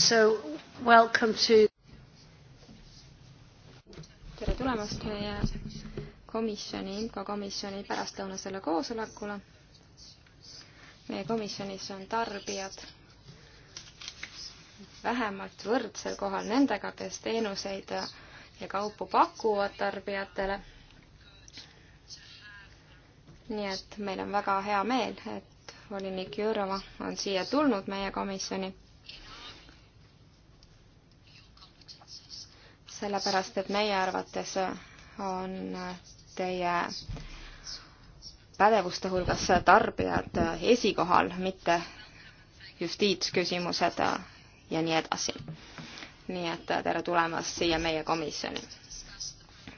So welcome to tere tulemast meie komisjoni, infokomisjoni pärastlõunasele koosolekule. meie komisjonis on tarbijad vähemalt võrdsel kohal nendega, kes teenuseid ja kaupu pakuvad tarbijatele. nii et meil on väga hea meel, et volinik Jürova on siia tulnud meie komisjoni sellepärast et meie arvates on teie pädevuste hulgas tarbijad esikohal, mitte justiitsküsimused ja nii edasi. nii et tere tulemast siia meie komisjoni.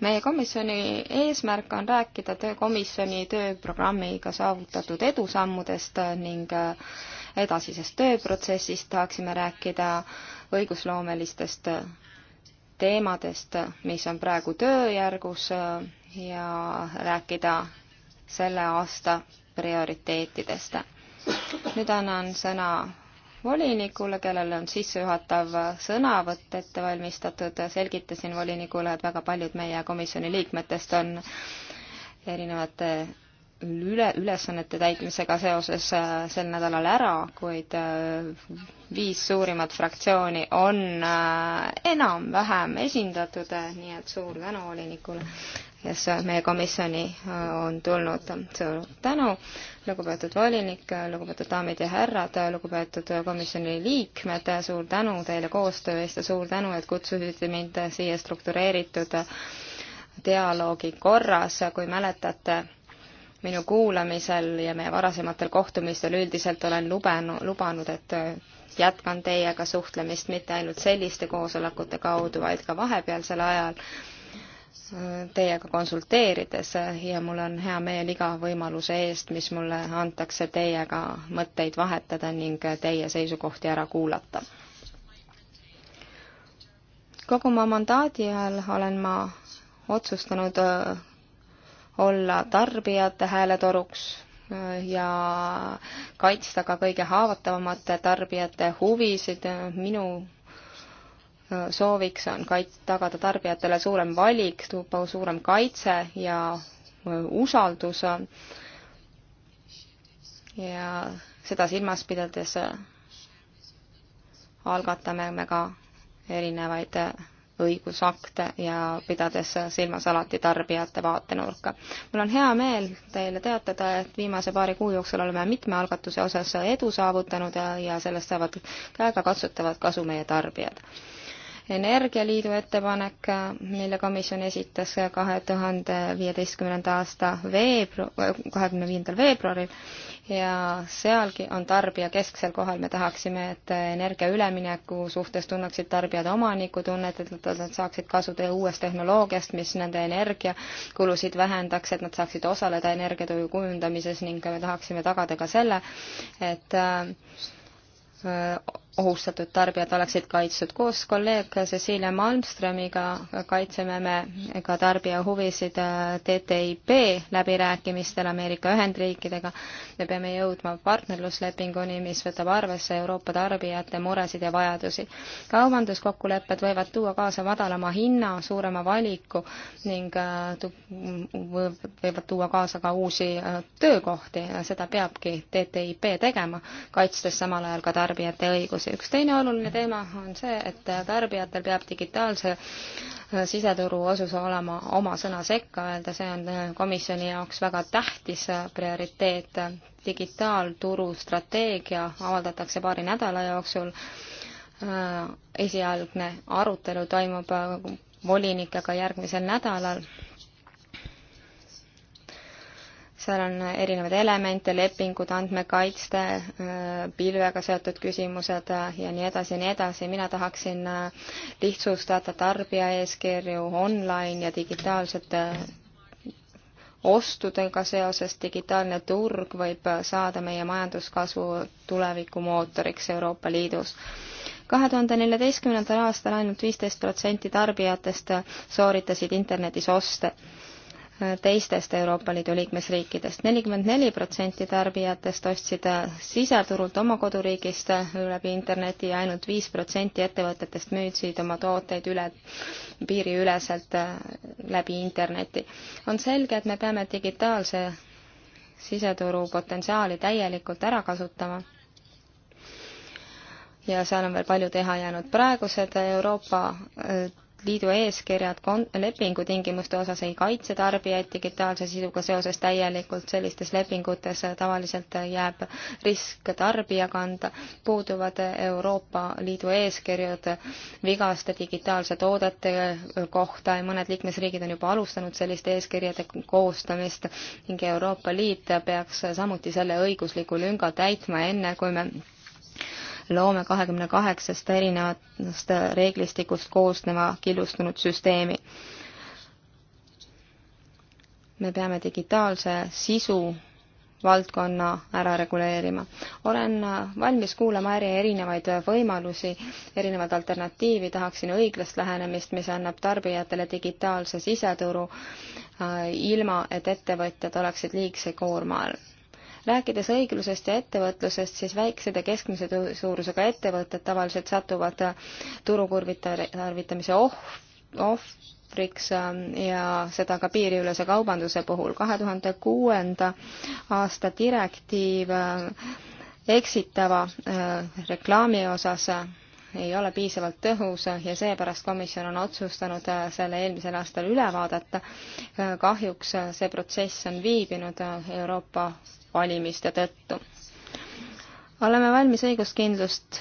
meie komisjoni eesmärk on rääkida töö, komisjoni tööprogrammiga saavutatud edusammudest ning edasisest tööprotsessist tahaksime rääkida õigusloomelistest teemadest, mis on praegu tööjärgus äh, ja rääkida selle aasta prioriteetidest. nüüd annan sõna volinikule, kellel on sissejuhatav sõnavõtt ette valmistatud, selgitasin volinikule, et väga paljud meie komisjoni liikmetest on erinevate üle, ülesannete täitmisega seoses äh, sel nädalal ära, kuid äh, viis suurimat fraktsiooni on äh, enam-vähem esindatud, nii et suur tänu volinikule, kes meie komisjoni on tulnud. suur tänu, lugupeetud volinik, lugupeetud daamid ja härrad, lugupeetud komisjoni liikmed, suur tänu teile koostöö eest ja suur tänu, et kutsusite mind siia struktureeritud dialoogi korras, kui mäletate minu kuulamisel ja meie varasematel kohtumistel üldiselt olen lubanud, lubanud, et äh, jätkan teiega suhtlemist mitte ainult selliste koosolekute kaudu, vaid ka vahepealsel ajal äh, teiega konsulteerides äh, ja mul on hea meel iga võimaluse eest, mis mulle antakse teiega mõtteid vahetada ning teie seisukohti ära kuulata. kogu oma mandaadi ajal olen ma otsustanud olla tarbijate hääletoruks äh, ja kaitsta ka kõige haavatavamate tarbijate huvisid. minu äh, sooviks on kait-, tagada tarbijatele suurem valik, suurem kaitse ja äh, usaldus. ja seda silmas pidades algatame me ka erinevaid õigusakte ja pidades silmas alati tarbijate vaatenurka. mul on hea meel teile teatada, et viimase paari kuu jooksul oleme mitme algatuse osas edu saavutanud ja, ja sellest saavad käegakatsutavad kasu meie tarbijad Energialiidu ettepanek, mille komisjon esitas kahe tuhande viieteistkümnenda aasta veebru-, kahekümne viiendal veebruaril ja sealgi on tarbija kesksel kohal, me tahaksime, et energia ülemineku suhtes tunneksid tarbijad omanikutunnet, et nad saaksid kasutada uuest tehnoloogiast, mis nende energiakulusid vähendaks, et nad saaksid osaleda energiatuju kujundamises ning me tahaksime tagada ka selle, et äh, ohustatud tarbijad oleksid kaitstud. koos kolleeg Cecilia Malmströmiga kaitseme me ka tarbija huvisid TTIP läbirääkimistel Ameerika Ühendriikidega. me peame jõudma partnerluslepinguni, mis võtab arvesse Euroopa tarbijate muresid ja vajadusi. kaubanduskokkulepped võivad tuua kaasa madalama hinna, suurema valiku ning äh, võivad tuua kaasa ka uusi äh, töökohti ja seda peabki TTIP tegema, kaitstes samal ajal ka tarbijate õigusi küsimusi. üks teine oluline teema on see, et tarbijatel peab digitaalse äh, siseturu osas olema oma sõna sekka öelda, see on äh, komisjoni jaoks väga tähtis äh, prioriteet. digitaalturu strateegia avaldatakse paari nädala jooksul. esialgne arutelu toimub volinikega järgmisel nädalal seal on erinevaid elemente, lepingud, andmekaitste, äh, pilvega seotud küsimused äh, ja nii edasi ja nii edasi. mina tahaksin äh, lihtsustada tarbijaeeskirju online ja digitaalsete ostudega seoses digitaalne turg võib saada meie majanduskasvu tulevikumootoriks Euroopa Liidus. kahe tuhande neljateistkümnendal aastal ainult viisteist protsenti tarbijatest sooritasid internetis oste teistest Euroopa Liidu liikmesriikidest. nelikümmend neli protsenti tarbijatest ostsid siseturult oma koduriigist läbi interneti ja ainult viis protsenti ettevõtetest müüdsid oma tooteid üle, piiriüleselt läbi interneti. on selge, et me peame digitaalse siseturu potentsiaali täielikult ära kasutama ja seal on veel palju teha jäänud. praegused Euroopa liidu eeskirjad kon-, lepingutingimuste osas ei kaitse tarbijaid digitaalse sisuga seoses täielikult, sellistes lepingutes tavaliselt jääb risk tarbija kanda, puuduvad Euroopa Liidu eeskirjad vigaste digitaalse toodete kohta ja mõned liikmesriigid on juba alustanud selliste eeskirjade koostamist ning Euroopa Liit peaks samuti selle õigusliku lünga täitma, enne kui me loome kahekümne kaheksast erinevatest reeglistikust koosneva killustunud süsteemi. me peame digitaalse sisu valdkonna ära reguleerima. olen valmis kuulama äri erinevaid võimalusi, erinevaid alternatiivi, tahaksin õiglast lähenemist, mis annab tarbijatele digitaalse siseturu äh, ilma, et ettevõtjad oleksid liigse koorma all rääkides õiglusest ja ettevõtlusest, siis väiksed ja keskmise suurusega ettevõtted tavaliselt satuvad äh, turukurvitamise ohvriks ähm, ja seda ka piiriülese kaubanduse puhul. kahe tuhande kuuenda aasta direktiiv äh, eksitava äh, reklaami osas ei ole piisavalt tõhus ja seepärast komisjon on otsustanud selle eelmisel aastal üle vaadata. kahjuks see protsess on viibinud Euroopa valimiste tõttu. oleme valmis õiguskindlust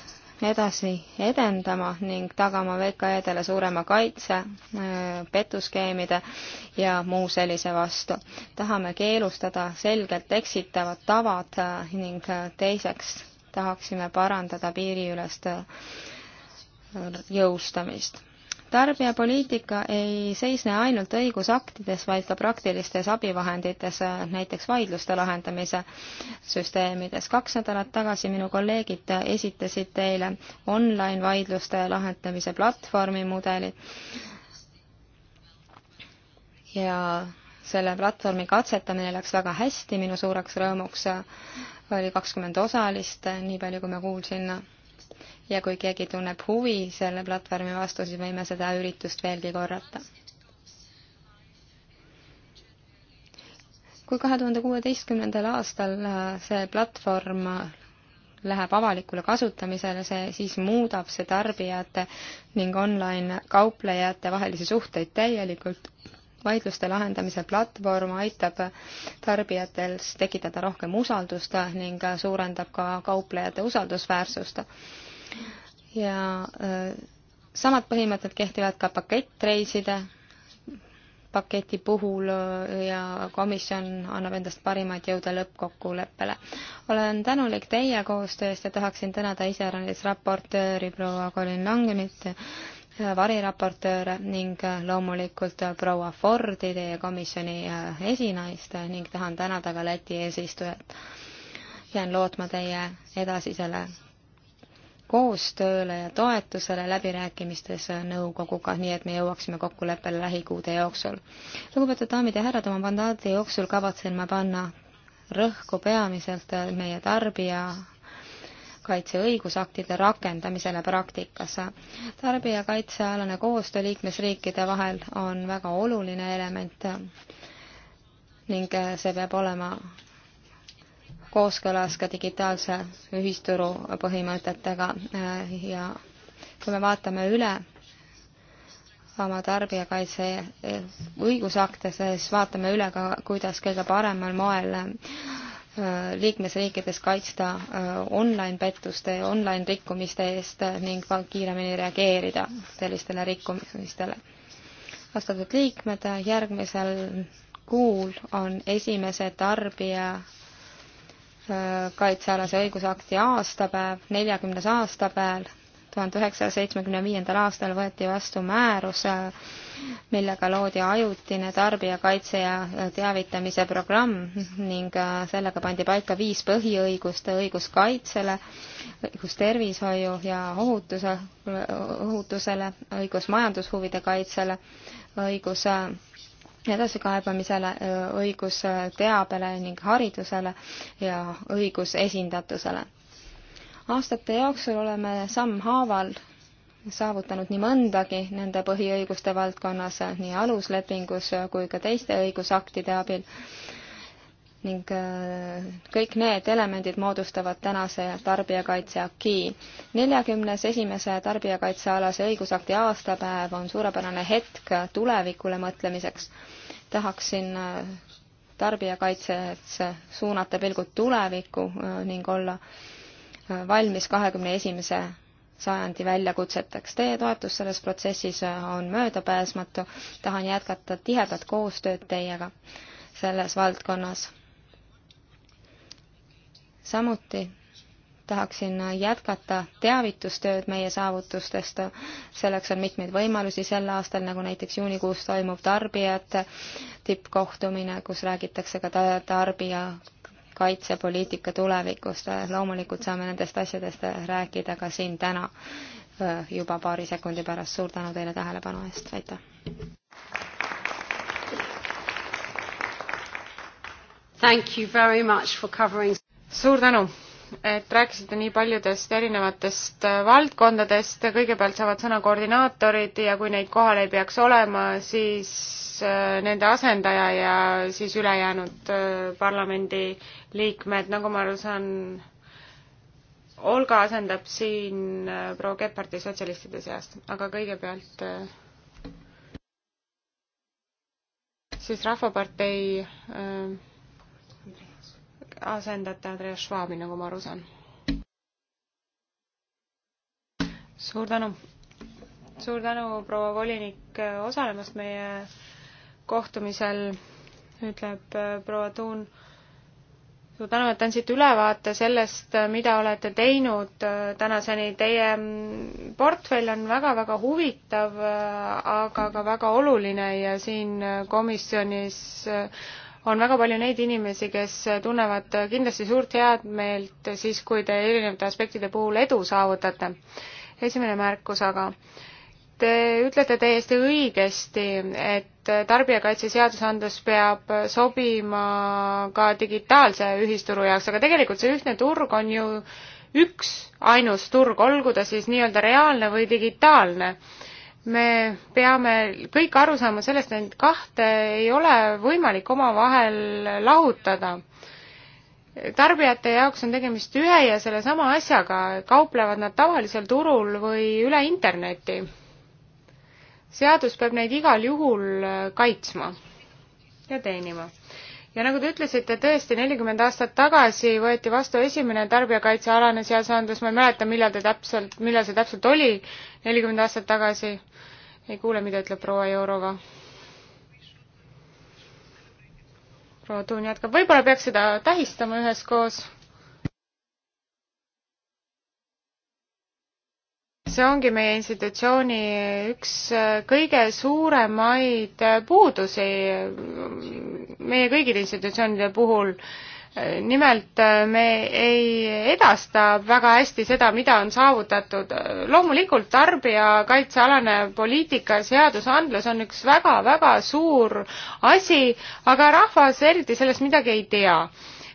edasi edendama ning tagama VKE-dele suurema kaitse äh, petuskeemide ja muu sellise vastu. tahame keelustada selgelt eksitavad tavad äh, ning äh, teiseks tahaksime parandada piiriülest jõustamist tarbijapoliitika ei seisne ainult õigusaktides, vaid ka praktilistes abivahendites, näiteks vaidluste lahendamise süsteemides. kaks nädalat tagasi minu kolleegid esitasid teile online vaidluste lahendamise platvormi mudeli ja selle platvormi katsetamine läks väga hästi, minu suureks rõõmuks oli kakskümmend osalist, nii palju kui ma kuulsin ja kui keegi tunneb huvi selle platvormi vastu, siis võime seda üritust veelgi korrata. kui kahe tuhande kuueteistkümnendal aastal äh, see platvorm äh, läheb avalikule kasutamisele, see siis muudab see tarbijate ning online kauplejate vahelisi suhteid täielikult vaidluste lahendamise platvorm aitab tarbijatel tekitada rohkem usaldust ning suurendab ka kauplejate usaldusväärsust ja öö, äh, samad põhimõtted kehtivad ka pakettreiside paketi puhul äh, ja komisjon annab endast parimaid jõuda lõppkokkuleppele. olen tänulik teie koostöö eest ja tahaksin tänada iseäranis raportööri proua Colin Langenit, äh, variraportööre ning loomulikult proua Fordi, teie komisjoni esinaist ning tahan tänada ka Läti eesistujat. jään lootma teie edasisele koostööle ja toetusele läbirääkimistes nõukoguga, nii et me jõuaksime kokkuleppele lähikuude jooksul. lugupeetud daamid ja härrad, oma mandaadi jooksul kavatsen ma panna rõhku peamiselt meie tarbija kaitseõigusaktide rakendamisele praktikas. tarbijakaitsealane koostöö liikmesriikide vahel on väga oluline element ning see peab olema kooskõlas ka digitaalse ühisturu põhimõtetega äh, ja kui me vaatame üle oma tarbijakaitse äh, õigusakte, siis vaatame üle ka, kuidas kõige paremal moel äh, liikmesriikides kaitsta online-pettuste ja online-rikkumiste eest ning kiiremini reageerida sellistele rikkumistele. austatud liikmed, järgmisel kuul on esimese tarbija kaitsealase õigusakti aastapäev, neljakümnes aastapäev, tuhande üheksasaja seitsmekümne viiendal aastal võeti vastu määrus, millega loodi ajutine tarbijakaitse ja teavitamise programm ning sellega pandi paika viis põhiõigust õiguskaitsele, õigus tervishoiu ja ohutuse, ohutusele, õigus majandushuvide kaitsele, õigus edasikaebamisele, õigus teabele ning haridusele ja õigus esindatusele. aastate jooksul oleme sammhaaval saavutanud nii mõndagi nende põhiõiguste valdkonnas, nii aluslepingus kui ka teiste õigusaktide abil ning äh, kõik need elemendid moodustavad tänase tarbijakaitse aki. neljakümnes esimese tarbijakaitsealase õigusakti aastapäev on suurepärane hetk tulevikule mõtlemiseks. tahaksin äh, tarbijakaitsesse suunata pilgud tulevikku äh, ning olla valmis kahekümne esimese sajandi väljakutseteks. Teie toetus selles protsessis on möödapääsmatu. tahan jätkata tihedat koostööd teiega selles valdkonnas samuti tahaksin jätkata teavitustööd meie saavutustest. selleks on mitmeid võimalusi sel aastal, nagu näiteks juunikuus toimuv tarbijate tippkohtumine, kus räägitakse ka tarbija kaitsepoliitika tulevikust. loomulikult saame nendest asjadest rääkida ka siin täna juba paari sekundi pärast. suur tänu teile tähelepanu eest, aitäh! Thank you very much for covering suur tänu, et rääkisite nii paljudest erinevatest äh, valdkondadest, kõigepealt saavad sõna koordinaatorid ja kui neid kohal ei peaks olema, siis äh, nende asendaja ja siis ülejäänud äh, parlamendiliikmed, nagu ma aru saan, Olga asendab siin proua Keppardi sotsialistide seast, aga kõigepealt siis Rahvapartei äh, asendate Andreas Schwabi, nagu ma aru saan. suur tänu. suur tänu, proua volinik, osalemast meie kohtumisel, ütleb äh, proua Tuun. suur tänu, et andsite ülevaate sellest, äh, mida olete teinud äh, tänaseni. Teie mm, portfell on väga-väga huvitav, aga ka väga oluline ja siin komisjonis on väga palju neid inimesi, kes tunnevad kindlasti suurt headmeelt siis, kui te erinevate aspektide puhul edu saavutate. esimene märkus aga. Te ütlete täiesti õigesti, et tarbijakaitse seadusandlus peab sobima ka digitaalse ühisturu jaoks, aga tegelikult see ühtne turg on ju üks ainus turg, olgu ta siis nii-öelda reaalne või digitaalne me peame kõik aru saama sellest, et neid kahte ei ole võimalik omavahel lahutada. tarbijate jaoks on tegemist ühe ja sellesama asjaga, kauplevad nad tavalisel turul või üle interneti. seadus peab neid igal juhul kaitsma ja teenima ja nagu te ütlesite, tõesti, nelikümmend aastat tagasi võeti vastu esimene tarbijakaitsealane seadusandlus, ma ei mäleta, millal ta täpselt, millal see täpselt oli, nelikümmend aastat tagasi. ei kuule, mida ütleb proua Jourova. proua Tuun jätkab, võib-olla peaks seda tähistama üheskoos see ongi meie institutsiooni üks äh, kõige suuremaid äh, puudusi äh, meie kõigil institutsioonide puhul. nimelt me ei edasta väga hästi seda, mida on saavutatud. loomulikult tarbijakaitsealane poliitika, seadusandlus on üks väga-väga suur asi, aga rahvas eriti sellest midagi ei tea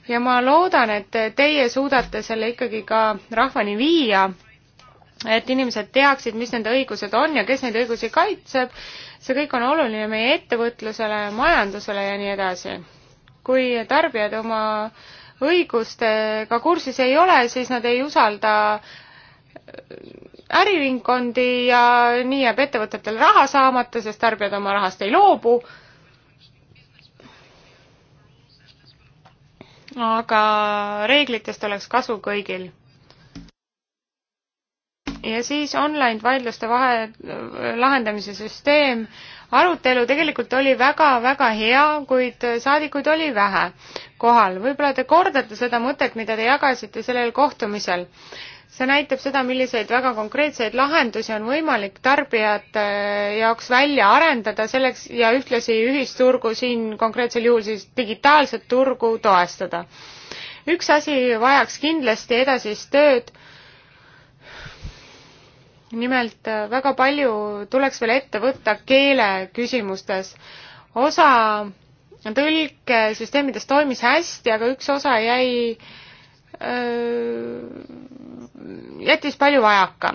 ja ma loodan, et teie suudate selle ikkagi ka rahvani viia et inimesed teaksid, mis nende õigused on ja kes neid õigusi kaitseb. see kõik on oluline meie ettevõtlusele, majandusele ja nii edasi. kui tarbijad oma õigustega kursis ei ole, siis nad ei usalda äriringkondi ja nii jääb ettevõtetel raha saamata, sest tarbijad oma rahast ei loobu. aga reeglitest oleks kasu kõigil ja siis online vaidluste vahe, lahendamise süsteem, arutelu tegelikult oli väga-väga hea, kuid saadikuid oli vähe kohal. võib-olla te kordate seda mõtet, mida te jagasite sellel kohtumisel. see näitab seda, milliseid väga konkreetseid lahendusi on võimalik tarbijate jaoks välja arendada selleks ja ühtlasi ühisturgu siin konkreetsel juhul siis digitaalset turgu toestada. üks asi vajaks kindlasti edasist tööd nimelt äh, väga palju tuleks veel ette võtta keele küsimustes. osa tõlkesüsteemidest toimis hästi, aga üks osa jäi, äh, jättis palju vajaka.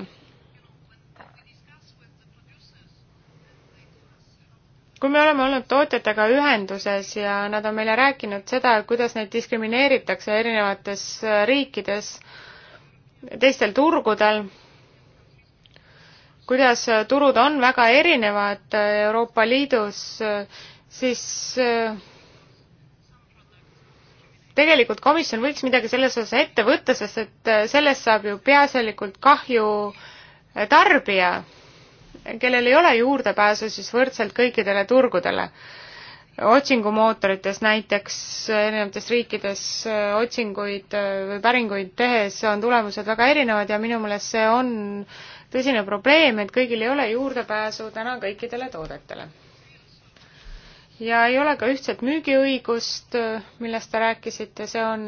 kui me oleme olnud tootjatega ühenduses ja nad on meile rääkinud seda, kuidas neid diskrimineeritakse erinevates äh, riikides, teistel turgudel kuidas turud on väga erinevad Euroopa Liidus, siis eh, tegelikult komisjon võiks midagi selles osas ette võtta, sest et eh, sellest saab ju peaasjalikult kahju eh, tarbija, kellel ei ole juurdepääsu siis võrdselt kõikidele turgudele. otsingumootorites näiteks erinevates riikides otsinguid või päringuid tehes on tulemused väga erinevad ja minu meelest see on tõsine probleem, et kõigil ei ole juurdepääsu täna kõikidele toodetele. ja ei ole ka ühtset müügiõigust, millest te rääkisite, see on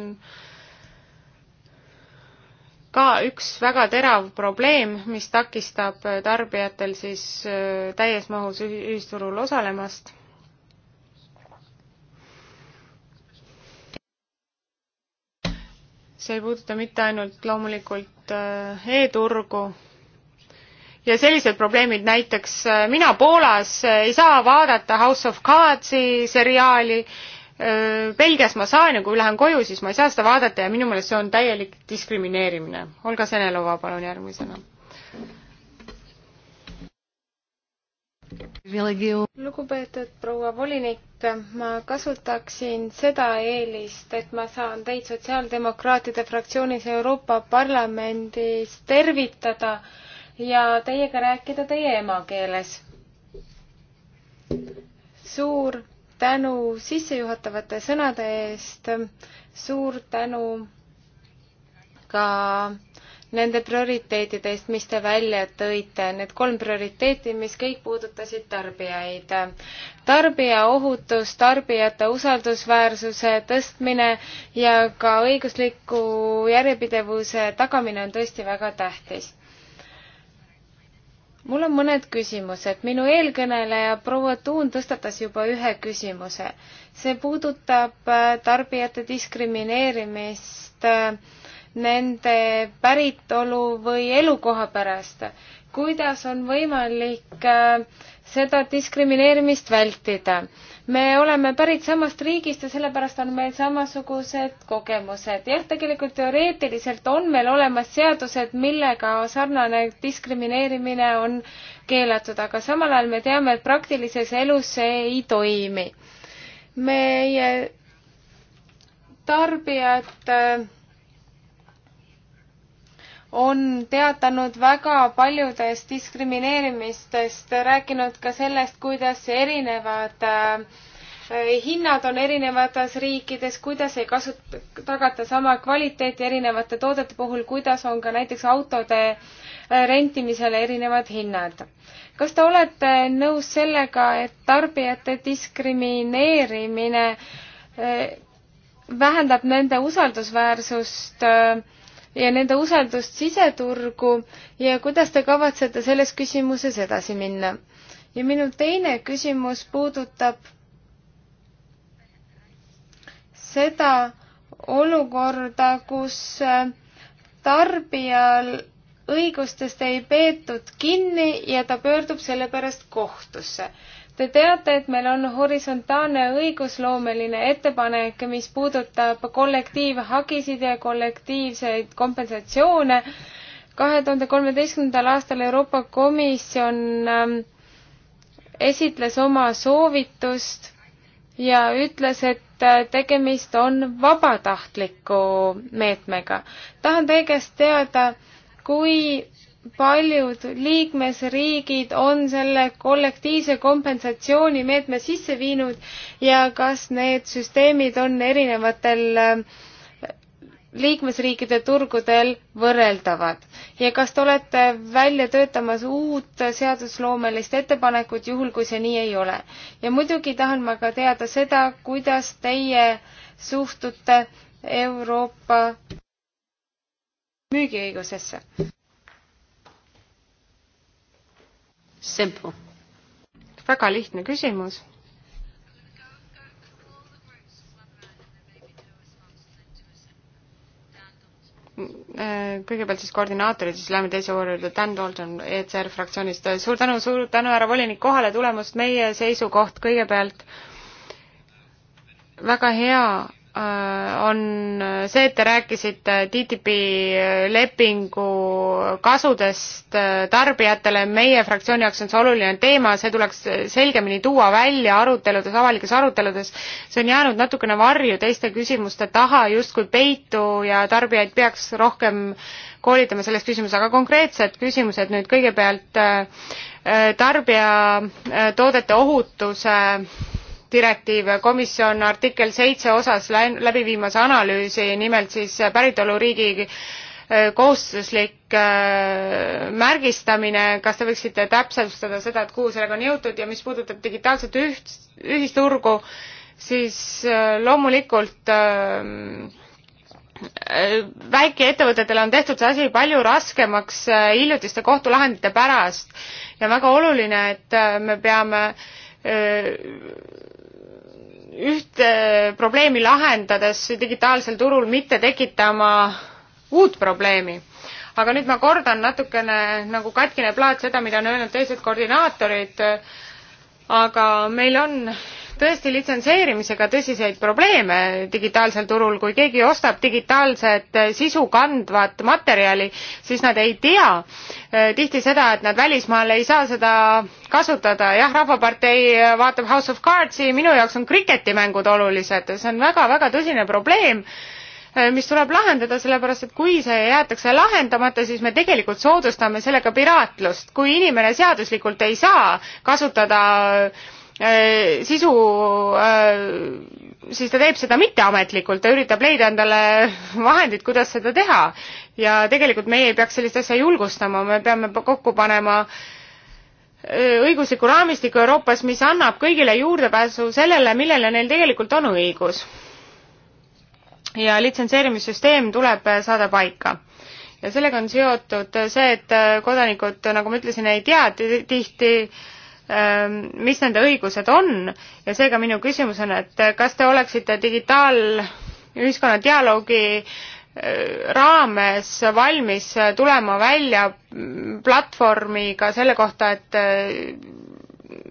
ka üks väga terav probleem, mis takistab tarbijatel siis äh, täies mahus ühisturul osalemast see ei puuduta mitte ainult loomulikult äh, e-turgu, ja sellised probleemid, näiteks äh, mina Poolas äh, ei saa vaadata House of Cardsi seriaali, äh, Belgias ma saan ja kui lähen koju, siis ma ei saa seda vaadata ja minu meelest see on täielik diskrimineerimine. Olga Senelova, palun järgmisena. lugupeetud proua volinik, ma kasutaksin seda eelist, et ma saan teid Sotsiaaldemokraatide fraktsioonis Euroopa Parlamendis tervitada äh, ja teiega rääkida teie emakeeles. suur tänu sissejuhatavate sõnade eest, suur tänu ka nende prioriteetide eest, mis te välja tõite, need kolm prioriteeti, mis kõik puudutasid tarbijaid. tarbija ohutus, tarbijate usaldusväärsuse tõstmine ja ka õigusliku järjepidevuse tagamine on tõesti väga tähtis mul on mõned küsimused. minu eelkõneleja proua Tuun tõstatas juba ühe küsimuse. see puudutab äh, tarbijate diskrimineerimist äh, nende päritolu või elukoha pärast. kuidas on võimalik äh, seda diskrimineerimist vältida. me oleme pärit samast riigist ja sellepärast on meil samasugused kogemused. jah, tegelikult teoreetiliselt on meil olemas seadused, millega sarnane diskrimineerimine on keelatud, aga samal ajal me teame, et praktilises elus see ei toimi. meie tarbijad äh, on teatanud väga paljudest diskrimineerimistest, rääkinud ka sellest, kuidas erinevad äh, hinnad on erinevates riikides, kuidas ei kasut-, tagata sama kvaliteeti erinevate toodete puhul, kuidas on ka näiteks autode äh, rentimisel erinevad hinnad. kas te olete nõus sellega, et tarbijate diskrimineerimine äh, vähendab nende usaldusväärsust äh, ja nende usaldust siseturgu ja kuidas te kavatsete selles küsimuses edasi minna? ja minu teine küsimus puudutab seda olukorda, kus äh, tarbijal õigustest ei peetud kinni ja ta pöördub sellepärast kohtusse. Te teate, et meil on horisontaalne õigusloomeline ettepanek, mis puudutab kollektiivhagisid ja kollektiivseid kompensatsioone. kahe tuhande kolmeteistkümnendal aastal Euroopa Komisjon ähm, esitles oma soovitust ja ütles, et äh, tegemist on vabatahtliku meetmega. tahan teie käest teada, kui paljud liikmesriigid on selle kollektiivse kompensatsioonimeetme sisse viinud ja kas need süsteemid on erinevatel äh, liikmesriikide turgudel võrreldavad ja kas te olete välja töötamas uut seadusloomelist ettepanekut, juhul kui see nii ei ole? ja muidugi tahan ma ka teada seda, kuidas teie suhtute Euroopa müügiõigusesse? Simple. väga lihtne küsimus. kõigepealt siis koordinaatorid, siis lähme teise vooru juurde. Dan Dalton ECR fraktsioonist. suur tänu, suur tänu, härra volinik, kohale tulemast. meie seisukoht kõigepealt väga hea Äh, on see, et te rääkisite TTIP-i lepingu kasudest äh, tarbijatele, meie fraktsiooni jaoks on see oluline teema, see tuleks selgemini tuua välja aruteludes, avalikes aruteludes. see on jäänud natukene varju teiste küsimuste taha justkui peitu ja tarbijaid peaks rohkem koolitama selles küsimuses, aga konkreetsed küsimused nüüd kõigepealt äh, tarbijatoodete ohutuse direktiiv, komisjon artikkel seitse osas läbi viimas analüüsi, nimelt siis päritoluriigi äh, kohustuslik äh, märgistamine, kas te võiksite täpsustada seda, et kuhu sellega on jõutud ja mis puudutab digitaalset üht, ühisturgu, siis äh, loomulikult väikeettevõtetele on tehtud see asi palju raskemaks hiljutiste kohtulahendite pärast ja väga oluline, et me peame ühte probleemi lahendades digitaalsel turul mitte tekitama uut probleemi. aga nüüd ma kordan natukene nagu katkine plaat seda, mida on öelnud teised koordinaatorid, aga meil on tõesti litsenseerimisega tõsiseid probleeme digitaalsel turul, kui keegi ostab digitaalset eh, sisu kandvat materjali, siis nad ei tea eh, tihti seda, et nad välismaal ei saa seda kasutada. jah, Rahvapartei eh, vaatab House of Cardsi, minu jaoks on kriketimängud olulised, see on väga-väga tõsine probleem mis tuleb lahendada, sellepärast et kui see jäetakse lahendamata, siis me tegelikult soodustame sellega piraatlust. kui inimene seaduslikult ei saa kasutada Eh, sisu, eh, siis ta teeb seda mitteametlikult, ta üritab leida endale vahendid, kuidas seda teha. ja tegelikult meie ei peaks sellist asja julgustama, me peame kokku panema eh, õigusliku raamistiku Euroopas, mis annab kõigile juurdepääsu sellele, millele neil tegelikult on õigus. ja litsenseerimissüsteem tuleb saada paika ja sellega on seotud see, et kodanikud, nagu ma ütlesin, ei tea tihti äh, Ehm, mis nende õigused on ja seega minu küsimus on, et kas te oleksite digitaalühiskonna dialoogi eh, raames valmis tulema välja platvormiga selle kohta, et eh,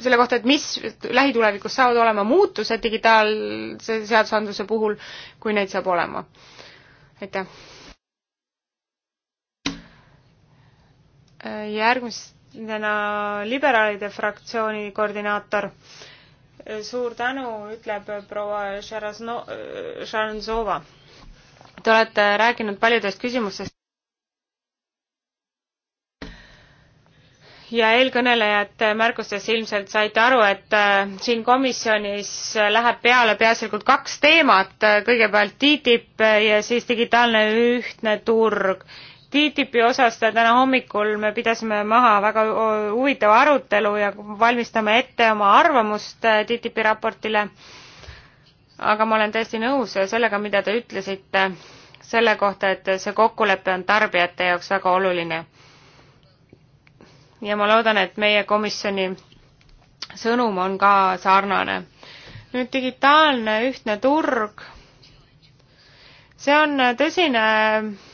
selle kohta, et mis lähitulevikus saavad olema muutused digitaalse seadusandluse puhul, kui neid saab olema. aitäh. Äh, järgmist täna liberaalide fraktsiooni koordinaator. suur tänu, ütleb proua Šarasno-, Šaranzova. Te olete rääkinud paljudest küsimustest. ja eelkõnelejate märkustest ilmselt saite aru, et äh, siin komisjonis läheb peale peaasjalikult kaks teemat, kõigepealt TTIP ja siis digitaalne ühtne turg TTIP-i osas täna hommikul me pidasime maha väga huvitava arutelu ja valmistame ette oma arvamust äh, TTIP-i raportile. aga ma olen täiesti nõus sellega, mida te ütlesite selle kohta, et see kokkulepe on tarbijate jaoks väga oluline. ja ma loodan, et meie komisjoni sõnum on ka sarnane. nüüd digitaalne ühtne turg. see on tõsine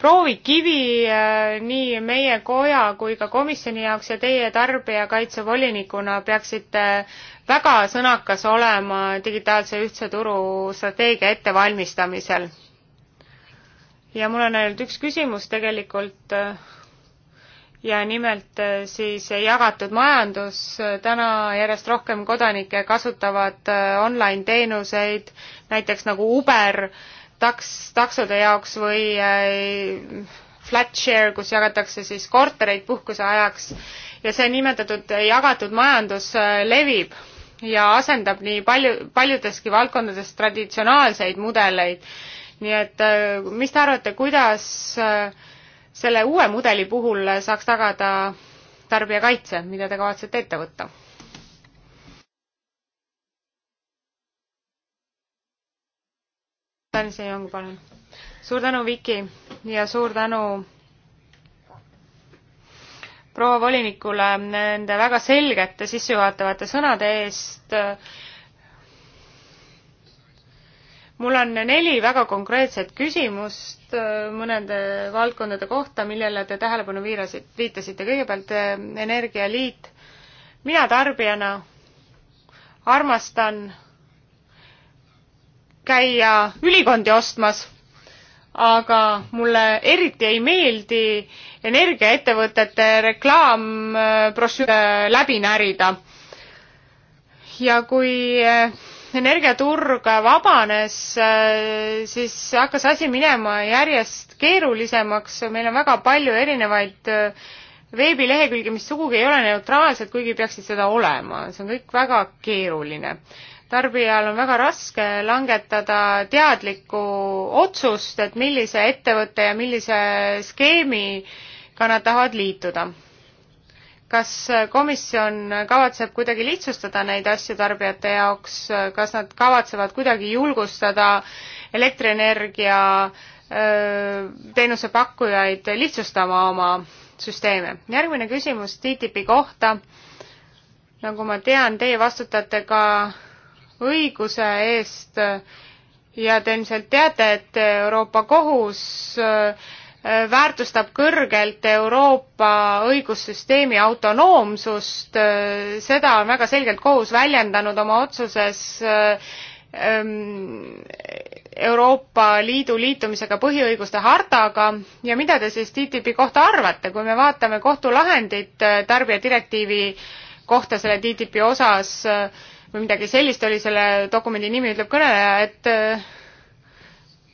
proovikivi äh, nii meie koja kui ka komisjoni jaoks ja teie tarbijakaitsevolinikuna peaksite väga sõnakas olema digitaalse ühtse turu strateegia ettevalmistamisel. ja mul on ainult üks küsimus tegelikult äh, ja nimelt äh, siis jagatud majandus. täna järjest rohkem kodanikke kasutavad online teenuseid, näiteks nagu Uber taks, taksode jaoks või äh, flat share, kus jagatakse siis kortereid puhkuse ajaks ja see nimetatud jagatud majandus äh, levib ja asendab nii palju, paljudeski valdkondades traditsionaalseid mudeleid. nii et äh, mis te arvate, kuidas selle uue mudeli puhul saaks tagada tarbijakaitse, mida te kavatsete ette võtta? Ernst ja Jong, palun. suur tänu, Viki ja suur tänu proua volinikule nende väga selgete sissejuhatavate sõnade eest. mul on neli väga konkreetset küsimust äh, mõnede valdkondade kohta, millele te tähelepanu viirasid, viitasite. kõigepealt äh, Energialiit. mina tarbijana armastan käia ülikondi ostmas, aga mulle eriti ei meeldi energiaettevõtete reklaambrošüüre äh, äh, läbi närida. ja kui äh, energiaturg vabanes, siis hakkas asi minema järjest keerulisemaks, meil on väga palju erinevaid veebilehekülgi, mis sugugi ei ole neutraalsed, kuigi peaksid seda olema, see on kõik väga keeruline tarbijal on väga raske langetada teadlikku otsust, et millise ettevõtte ja millise skeemiga nad tahavad liituda. kas komisjon kavatseb kuidagi lihtsustada neid asju tarbijate jaoks, kas nad kavatsevad kuidagi julgustada elektrienergia teenusepakkujaid lihtsustama oma süsteeme? järgmine küsimus TTIP-i kohta. nagu ma tean, teie vastutate ka õiguse eest ja te ilmselt teate, et Euroopa Kohus äh, väärtustab kõrgelt Euroopa õigussüsteemi autonoomsust, äh, seda on väga selgelt kohus väljendanud oma otsuses äh, ähm, Euroopa Liidu liitumisega põhiõiguste hartaga ja mida te siis TTIP-i kohta arvate, kui me vaatame kohtulahendit tarbijadirektiivi kohta selle TTIP-i osas äh, või midagi sellist oli selle dokumendi nimi, ütleb kõneleja, et äh,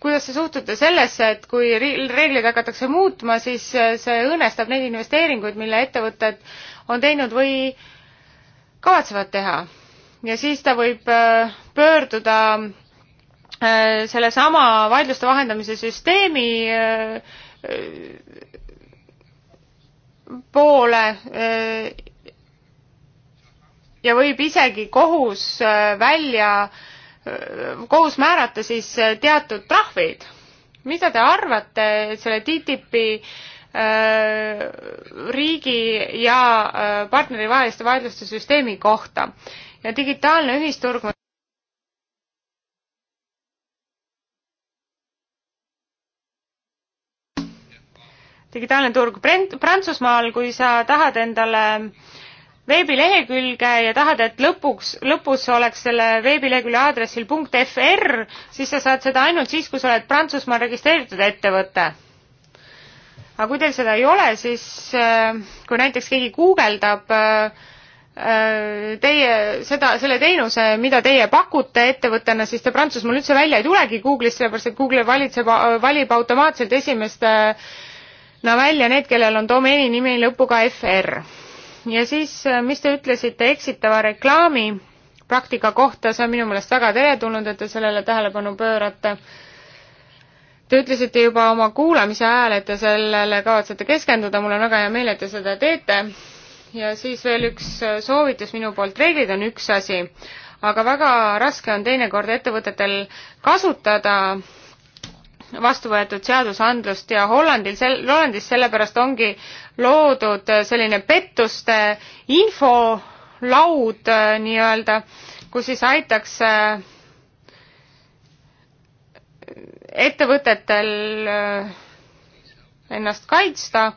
kuidas te suhtute sellesse, et kui reegleid hakatakse muutma, siis äh, see õõnestab neid investeeringuid, mille ettevõtted on teinud või kavatsevad teha. ja siis ta võib äh, pöörduda sellesama vaidluste vahendamise süsteemi poole ja võib isegi kohus äh, välja, äh, kohus määrata siis äh, teatud trahvid. mida te arvate selle TTIP-i riigi ja partneri vaheliste vaidluste süsteemi kohta ja digitaalne ühisturg digitaalne turg Prantsusmaal, kui sa tahad endale äh, veebilehekülge ja tahad, et lõpuks, lõpus oleks selle veebilehekülje aadressil .fr, siis sa saad seda ainult siis, kui sa oled Prantsusmaal registreeritud ettevõte. aga kui teil seda ei ole, siis äh, kui näiteks keegi guugeldab äh, äh, teie, seda, selle teenuse, mida teie pakute ettevõttena, siis te Prantsusmaal üldse välja ei tulegi Google'ist, sellepärast et Google valitseb, valib automaatselt esimestena no välja need, kellel on domeeni nimi lõpuga fr ja siis, äh, mis te ütlesite eksitava reklaami praktika kohta, see on minu meelest väga teretulnud, et te sellele tähelepanu pöörate. Te ütlesite juba oma kuulamise ajal, et te sellele kavatsete keskenduda, mul on väga hea meel, et te seda teete. ja siis veel üks äh, soovitus minu poolt, reeglid on üks asi, aga väga raske on teinekord ettevõtetel kasutada vastu võetud seadusandlust ja Hollandil sel-, Hollandis sellepärast ongi loodud selline pettuste infolaud äh, nii-öelda, kus siis aitaks äh, ettevõtetel äh, ennast kaitsta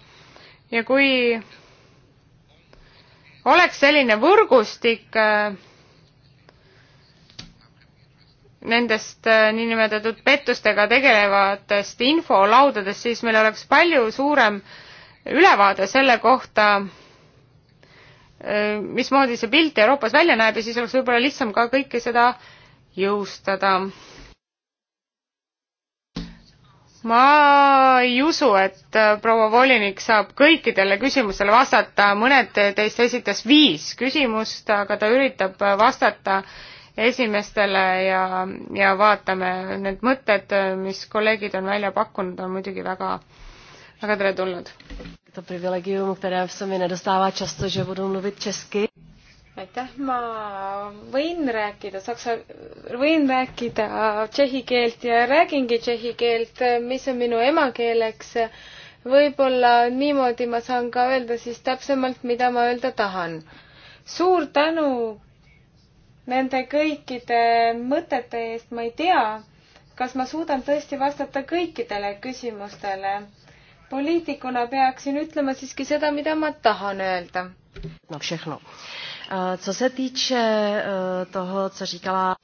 ja kui oleks selline võrgustik nendest niinimetatud pettustega tegelevatest infolaudadest, siis meil oleks palju suurem äh, ülevaade selle kohta, äh, mismoodi see pilt Euroopas välja näeb ja siis oleks võib-olla lihtsam ka kõike seda jõustada. ma ei usu, et äh, proua volinik saab kõikidele küsimustele vastata, mõned teist esitas viis küsimust, aga ta üritab äh, vastata esimestele ja, ja vaatame, need mõtted, mis kolleegid on välja pakkunud, on muidugi väga äh, väga teretulnud. to privilegium, které se mi nedostává často, že budu mluvit česky. aitäh, ma võin rääkida saksa, võin rääkida tšehhi keelt ja räägingi tšehhi keelt, mis on minu emakeeleks. võib-olla niimoodi ma saan ka öelda siis täpsemalt, mida ma öelda tahan. suur tänu nende kõikide mõtete eest, ma ei tea, kas ma suudan tõesti vastata kõikidele küsimustele poliitikuna peaksin ütlema siiski seda, mida ma tahan öelda. no všechno. Eh, co se týče eh, toho, co říkala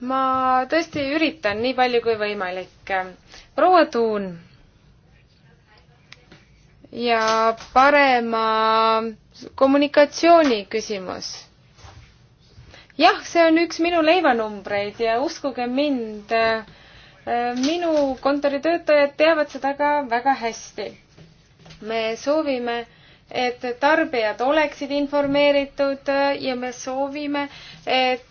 ma tõesti üritan nii palju kui võimalik. proua Tuun ja parema kommunikatsiooni küsimus. jah, see on üks minu leivanumbreid ja uskuge mind äh,, minu kontoritöötajad teavad seda ka väga hästi. me soovime, et tarbijad oleksid informeeritud ja me soovime, et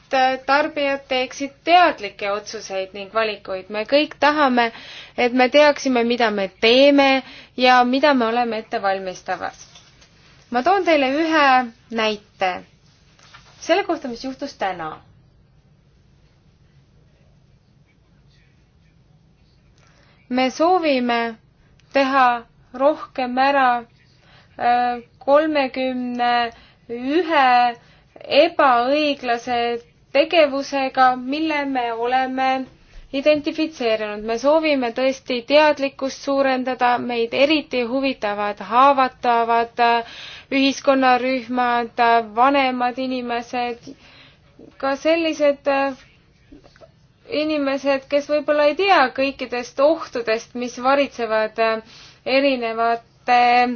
tarbijad teeksid teadlikke otsuseid ning valikuid. me kõik tahame, et me teaksime, mida me teeme ja mida me oleme ette valmistamas. ma toon teile ühe näite selle kohta, mis juhtus täna me soovime teha rohkem ära äh, kolmekümne ühe ebaõiglase tegevusega, mille me oleme identifitseerinud. me soovime tõesti teadlikkust suurendada, meid eriti huvitavad haavatavad ühiskonnarühmad, vanemad inimesed, ka sellised äh, inimesed, kes võib-olla ei tea kõikidest ohtudest, mis varitsevad äh, erinevate äh,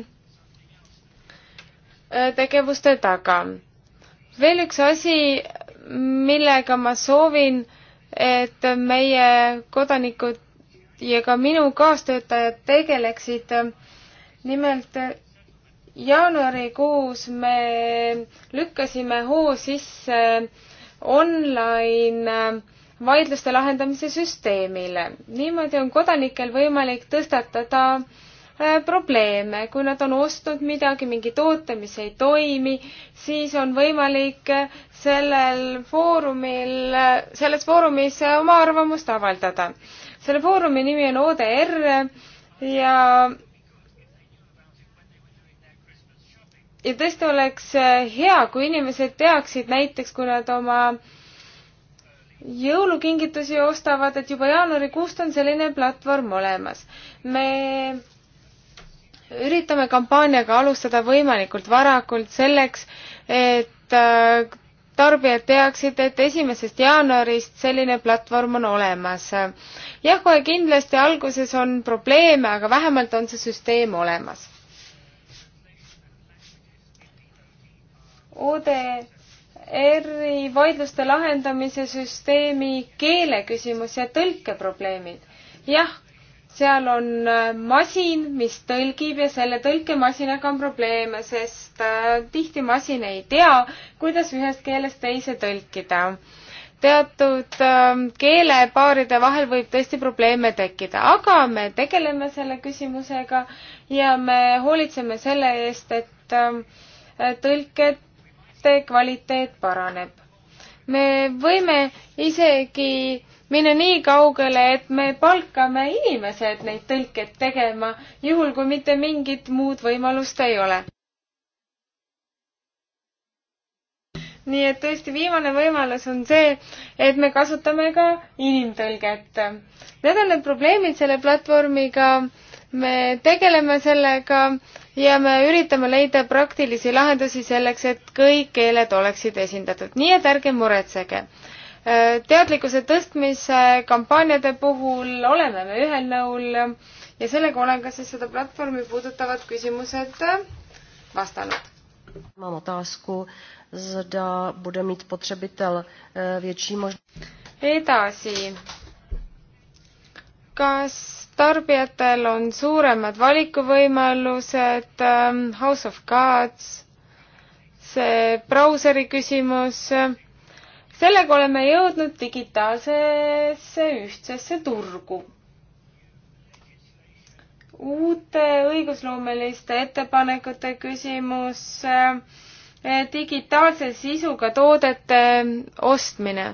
tegevuste taga. veel üks asi, millega ma soovin, et meie kodanikud ja ka minu kaastöötajad tegeleksid. nimelt jaanuarikuus me lükkasime hoo sisse online äh, vaidluste lahendamise süsteemile. niimoodi on kodanikel võimalik tõstatada äh, probleeme, kui nad on ostnud midagi, mingi toote, mis ei toimi, siis on võimalik äh, sellel foorumil, äh, selles foorumis oma arvamust avaldada. selle foorumi nimi on ODR ja ja tõesti oleks hea, kui inimesed teaksid näiteks, kui nad oma äh, jõulukingitusi ostavad, et juba jaanuarikuust on selline platvorm olemas. me üritame kampaaniaga alustada võimalikult varakult selleks, et äh, tarbijad teaksid, et esimesest jaanuarist selline platvorm on olemas. jah, kohe kindlasti alguses on probleeme, aga vähemalt on see süsteem olemas. ODE ERR-i vaidluste lahendamise süsteemi keeleküsimus ja tõlkeprobleemid. jah, seal on äh, masin, mis tõlgib ja selle tõlkemasinaga on probleeme, sest äh, tihti masin ei tea, kuidas ühest keelest teise tõlkida teatud ähm, keelepaaride vahel võib tõesti probleeme tekkida, aga me tegeleme selle küsimusega ja me hoolitseme selle eest, et ähm, tõlked toodete kvaliteet paraneb. me võime isegi minna nii kaugele, et me palkame inimesed neid tõlkeid tegema, juhul kui mitte mingit muud võimalust ei ole. nii et tõesti viimane võimalus on see, et me kasutame ka inimtõlget. Need on need probleemid selle platvormiga, me tegeleme sellega ja me üritame leida praktilisi lahendusi selleks, et kõik keeled oleksid esindatud, nii et ärge muretsege. Äh, teadlikkuse tõstmise kampaaniade puhul oleme me ühel nõul ja sellega olen ka siis seda platvormi puudutavad küsimused äh, vastanud. Mám otázku, zda bude mít potřebitel äh, větší možnost. Edasi kas tarbijatel on suuremad valikuvõimalused, ähm, House of Cards, see brauseri küsimus, sellega oleme jõudnud digitaalsesse ühtsesse turgu. uute õigusloomeliste ettepanekute küsimus, äh, digitaalse sisuga toodete ostmine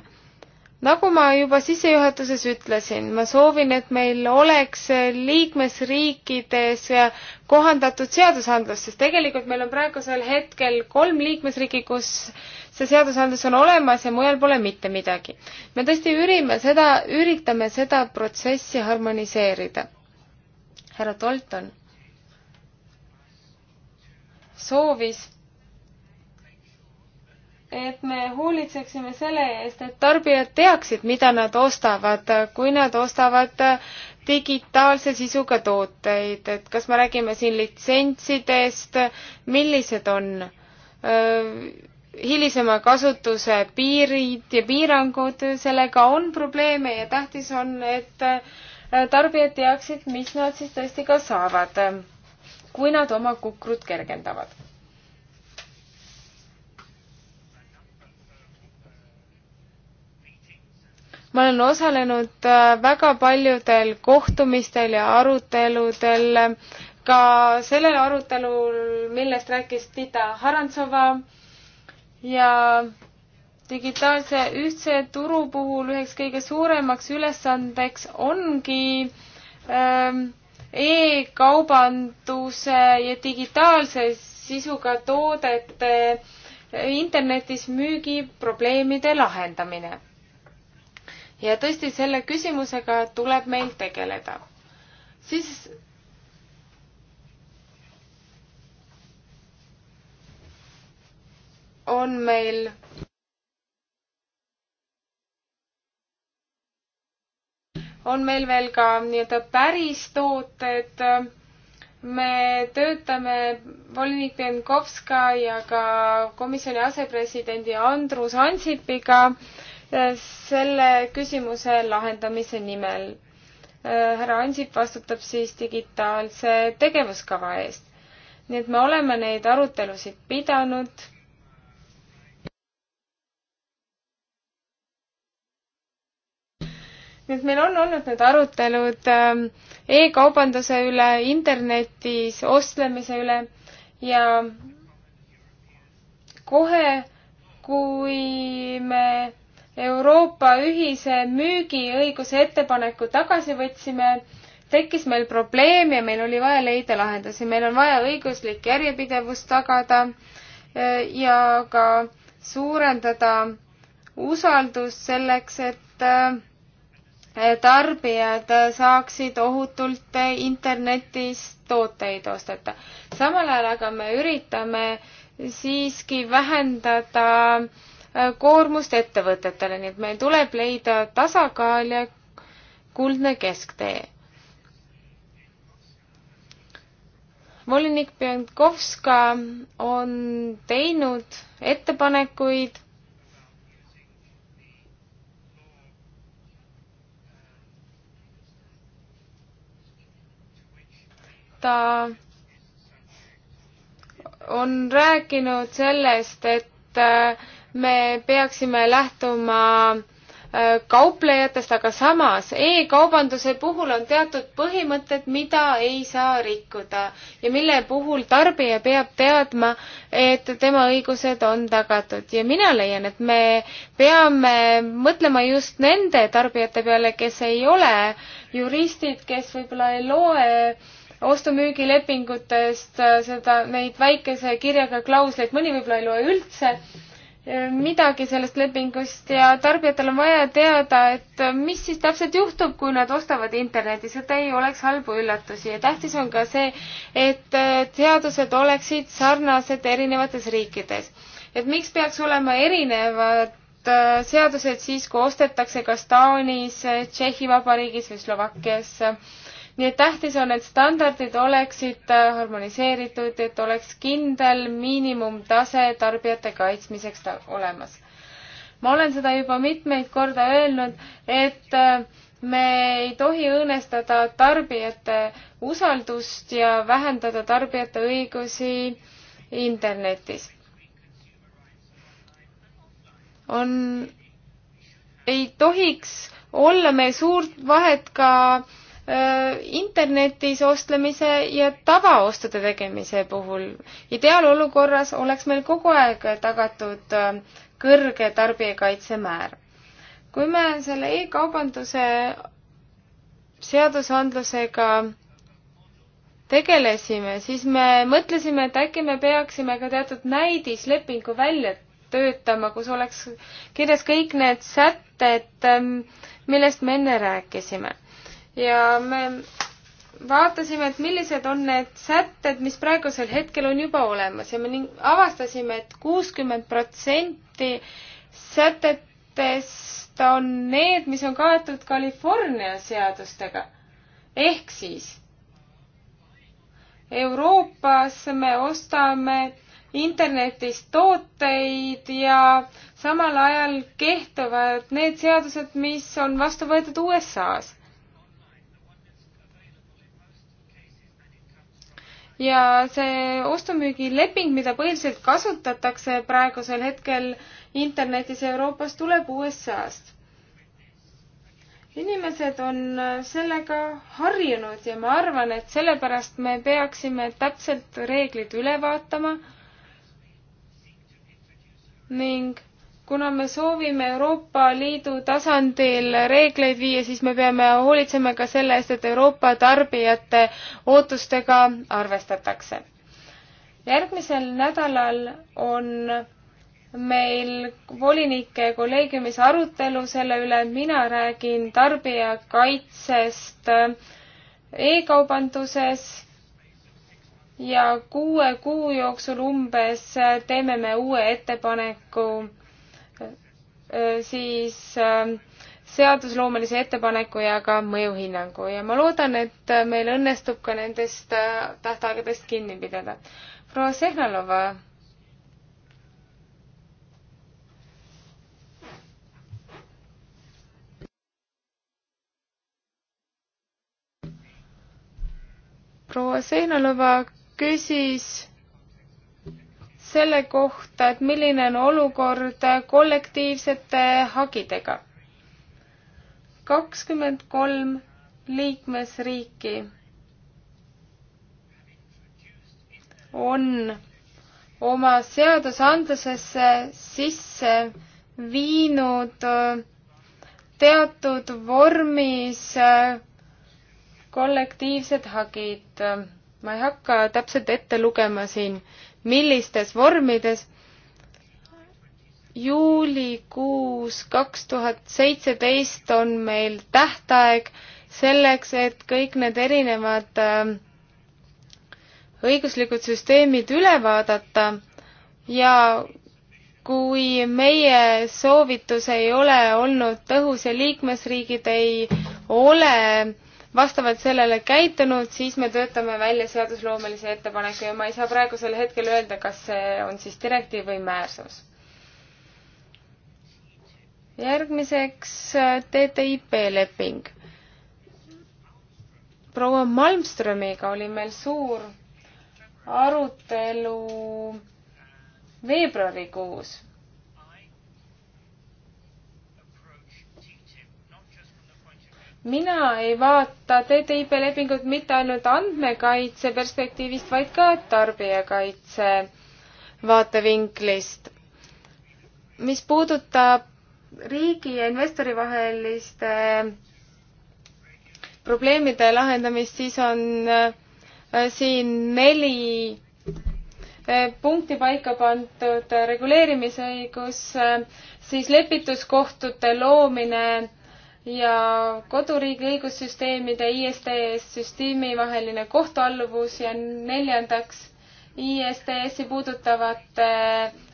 nagu ma juba sissejuhatuses ütlesin, ma soovin, et meil oleks liikmesriikides kohandatud seadusandlus, sest tegelikult meil on praegusel hetkel kolm liikmesriiki, kus see seadusandlus on olemas ja mujal pole mitte midagi. me tõesti ürime seda, üritame seda protsessi harmoniseerida. härra Tolton soovis et me hoolitseksime selle eest, et tarbijad teaksid, mida nad ostavad, kui nad ostavad digitaalse sisuga tooteid, et kas me räägime siin litsentsidest, millised on öö, hilisema kasutuse piirid ja piirangud, sellega on probleeme ja tähtis on, et tarbijad teaksid, mis nad siis tõesti ka saavad, kui nad oma kukrut kergendavad ma olen osalenud äh, väga paljudel kohtumistel ja aruteludel, äh, ka sellel arutelul, millest rääkis Tita Harantsova ja digitaalse ühtse turu puhul üheks kõige suuremaks ülesandeks ongi ähm, e-kaubanduse ja digitaalse sisuga toodete internetis müügi probleemide lahendamine ja tõesti, selle küsimusega tuleb meil tegeleda. siis on meil on meil veel ka nii-öelda päris tooted. me töötame volinik Pienkovska ja ka komisjoni asepresidendi Andrus Ansipiga selle küsimuse lahendamise nimel. härra Ansip vastutab siis digitaalse tegevuskava eest. nii et me oleme neid arutelusid pidanud. nii et meil on olnud need arutelud ähm, e-kaubanduse üle, internetis ostlemise üle ja kohe, kui me Euroopa ühise müügiõiguse ettepaneku tagasi võtsime, tekkis meil probleem ja meil oli vaja leida lahendusi. meil on vaja õiguslik järjepidevus tagada e, ja ka suurendada usaldust selleks, et e, tarbijad saaksid ohutult internetist tooteid osteta. samal ajal aga me üritame siiski vähendada äh, Äh, koormust ettevõtetele, nii et meil tuleb leida tasakaal ja kuldne kesktee. volinik Pjankovska on teinud ettepanekuid ta on rääkinud sellest, et äh, me peaksime lähtuma äh, kauplejatest, aga samas e-kaubanduse puhul on teatud põhimõtted, mida ei saa rikkuda ja mille puhul tarbija peab teadma, et tema õigused on tagatud ja mina leian, et me peame mõtlema just nende tarbijate peale, kes ei ole juristid, kes võib-olla ei loe ostu-müügilepingutest äh, seda, neid väikese kirjaga klausleid, mõni võib-olla ei loe üldse Eh, midagi sellest lepingust ja tarbijatel on vaja teada, et eh, mis siis täpselt juhtub, kui nad ostavad internetis, et ei oleks halbu üllatusi ja tähtis on ka see, et seadused eh, oleksid sarnased erinevates riikides. et miks peaks olema erinevad seadused siis, kui ostetakse kas Taanis, Tšehhi Vabariigis või Slovakkias nii et tähtis on, et standardid oleksid äh, harmoniseeritud, et oleks kindel miinimumtase tarbijate kaitsmiseks ta olemas. ma olen seda juba mitmeid korda öelnud, et äh, me ei tohi õõnestada tarbijate usaldust ja vähendada tarbijate õigusi internetis. on, ei tohiks olla meil suurt vahet ka äh, Äh, internetis ostlemise ja tavaostude tegemise puhul. ideaalolukorras oleks meil kogu aeg tagatud äh, kõrge tarbijakaitsemäär. kui me selle e-kaubanduse seadusandlusega tegelesime, siis me mõtlesime, et äkki me peaksime ka teatud näidislepingu välja töötama, kus oleks kirjas kõik need sätted, ähm, millest me enne rääkisime ja me vaatasime, et millised on need sätted, mis praegusel hetkel on juba olemas ja me avastasime et, et kuuskümmend protsenti sätetest on need, mis on kaetud California seadustega. ehk siis Euroopas me ostame internetist tooteid ja samal ajal kehtivad need seadused, mis on vastu võetud USA-s. ja see ostu-müügileping, mida põhiliselt kasutatakse praegusel hetkel internetis Euroopas, tuleb USA-st. inimesed on sellega harjunud ja ma arvan, et sellepärast me peaksime täpselt reeglid üle vaatama ning kuna me soovime Euroopa Liidu tasandil reegleid viia, siis me peame hoolitsema ka selle eest, et Euroopa tarbijate ootustega arvestatakse. järgmisel nädalal on meil volinike kolleegiumis arutelu selle üle, mina räägin tarbijakaitsest e-kaubanduses ja kuue kuu jooksul umbes teeme me uue ettepaneku Äh, siis ähm, seadusloomelise ettepaneku ja ka mõjuhinnangu ja ma loodan, et äh, meil õnnestub ka nendest äh, tähtaegadest kinni pidada. proua Sehnalova. proua Sehnalova küsis selle kohta, et milline on olukord kollektiivsete hagidega. kakskümmend kolm liikmesriiki on oma seadusandlusesse sisse viinud äh, teatud vormis äh, kollektiivsed hagid. ma ei hakka täpselt ette lugema siin millistes vormides. juulikuus kaks tuhat seitseteist on meil tähtaeg selleks, et kõik need erinevad äh, õiguslikud süsteemid üle vaadata ja kui meie soovitus ei ole olnud tõhus ja liikmesriigid ei ole vastavalt sellele käitunud, siis me töötame välja seadusloomelise ettepaneku ja ma ei saa praegusel hetkel öelda, kas see on siis direktiiv või määrsus. järgmiseks äh, TTIP leping. proua Malmströmiga oli meil suur arutelu veebruarikuus mina ei vaata TTIP lepingut mitte ainult andmekaitse perspektiivist, vaid ka tarbijakaitse vaatevinklist. mis puudutab riigi ja investori vaheliste probleemide lahendamist, siis on äh, siin neli äh, punkti paika pandud reguleerimisõigus, äh, siis lepituskohtute loomine ja koduriigi õigussüsteemide ISDS süsteemi vaheline kohtualluvus ja neljandaks ISDS-i puudutavate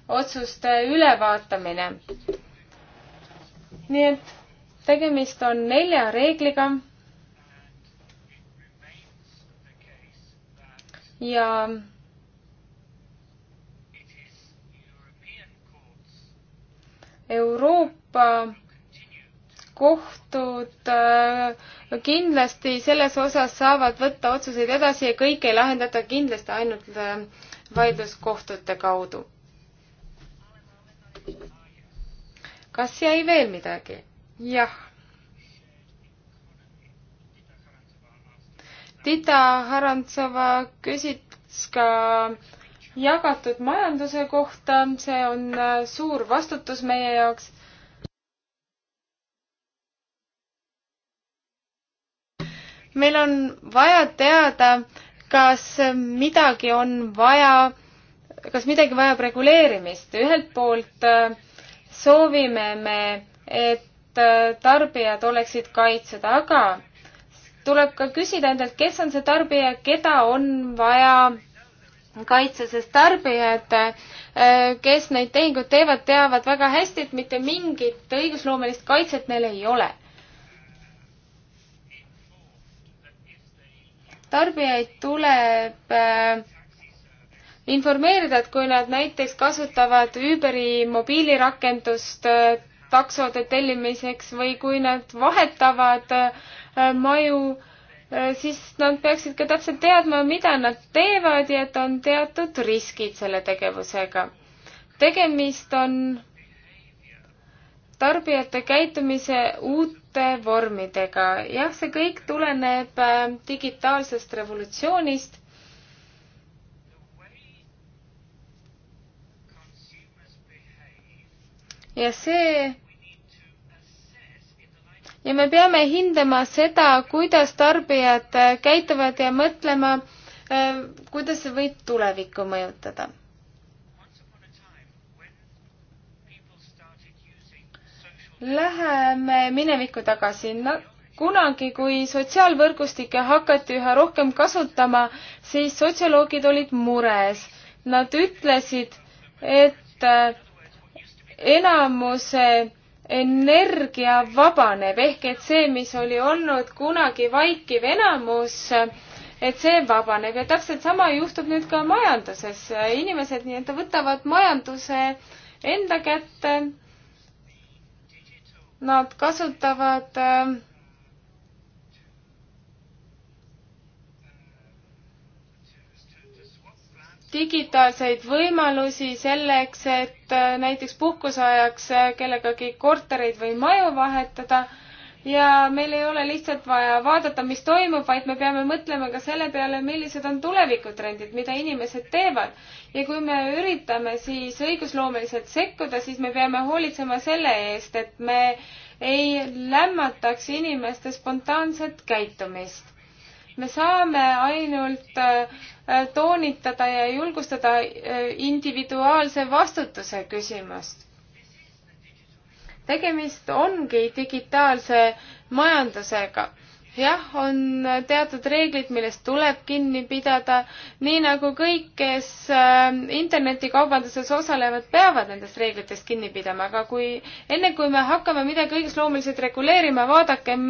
otsuste ülevaatamine. nii et tegemist on nelja reegliga. ja Euroopa kohtud äh, kindlasti selles osas saavad võtta otsuseid edasi ja kõike ei lahendata kindlasti ainult äh, vaidluskohtute kaudu. kas jäi veel midagi? jah. Tita Harantsova küsis ka jagatud majanduse kohta, see on äh, suur vastutus meie jaoks meil on vaja teada, kas midagi on vaja, kas midagi vajab reguleerimist. ühelt poolt äh, soovime me, et äh, tarbijad oleksid kaitsed, aga tuleb ka küsida endalt, kes on see tarbija, keda on vaja kaitse, sest tarbijad, äh, kes neid tehinguid teevad, teavad väga hästi, et mitte mingit õigusloomelist kaitset neil ei ole. tarbijaid tuleb äh, informeerida, et kui nad näiteks kasutavad Uberi mobiilirakendust äh, taksode tellimiseks või kui nad vahetavad äh, maju, siis nad peaksid ka täpselt teadma, mida nad teevad ja et on teatud riskid selle tegevusega. tegemist on tarbijate käitumise uut õppevormidega. jah, see kõik tuleneb äh, digitaalsest revolutsioonist. ja see ja me peame hindama seda, kuidas tarbijad käituvad ja mõtlema, äh, kuidas see võib tulevikku mõjutada Läheme minevikku tagasi no,. kunagi, kui sotsiaalvõrgustikke hakati üha rohkem kasutama, siis sotsioloogid olid mures. Nad ütlesid, et äh, enamuse energia vabaneb ehk et see, mis oli olnud kunagi vaikiv enamus, et see vabaneb ja täpselt sama juhtub nüüd ka majanduses. inimesed nii-öelda võtavad majanduse enda kätte Nad kasutavad äh, digitaalseid võimalusi selleks, et äh, näiteks puhkuse ajaks äh, kellegagi kortereid või maju vahetada ja meil ei ole lihtsalt vaja vaadata, mis toimub, vaid me peame mõtlema ka selle peale, millised on tulevikutrendid, mida inimesed teevad ja kui me üritame siis õigusloomeliselt sekkuda, siis me peame hoolitsema selle eest, et me ei lämmataks inimeste spontaanset käitumist. me saame ainult äh, toonitada ja julgustada äh, individuaalse vastutuse küsimust. tegemist ongi digitaalse majandusega jah, on teatud reeglid, millest tuleb kinni pidada, nii nagu kõik, kes äh, internetikaubanduses osalevad, peavad nendest reeglitest kinni pidama, aga kui enne, kui me hakkame midagi õigusloomuliselt reguleerima, vaadakem,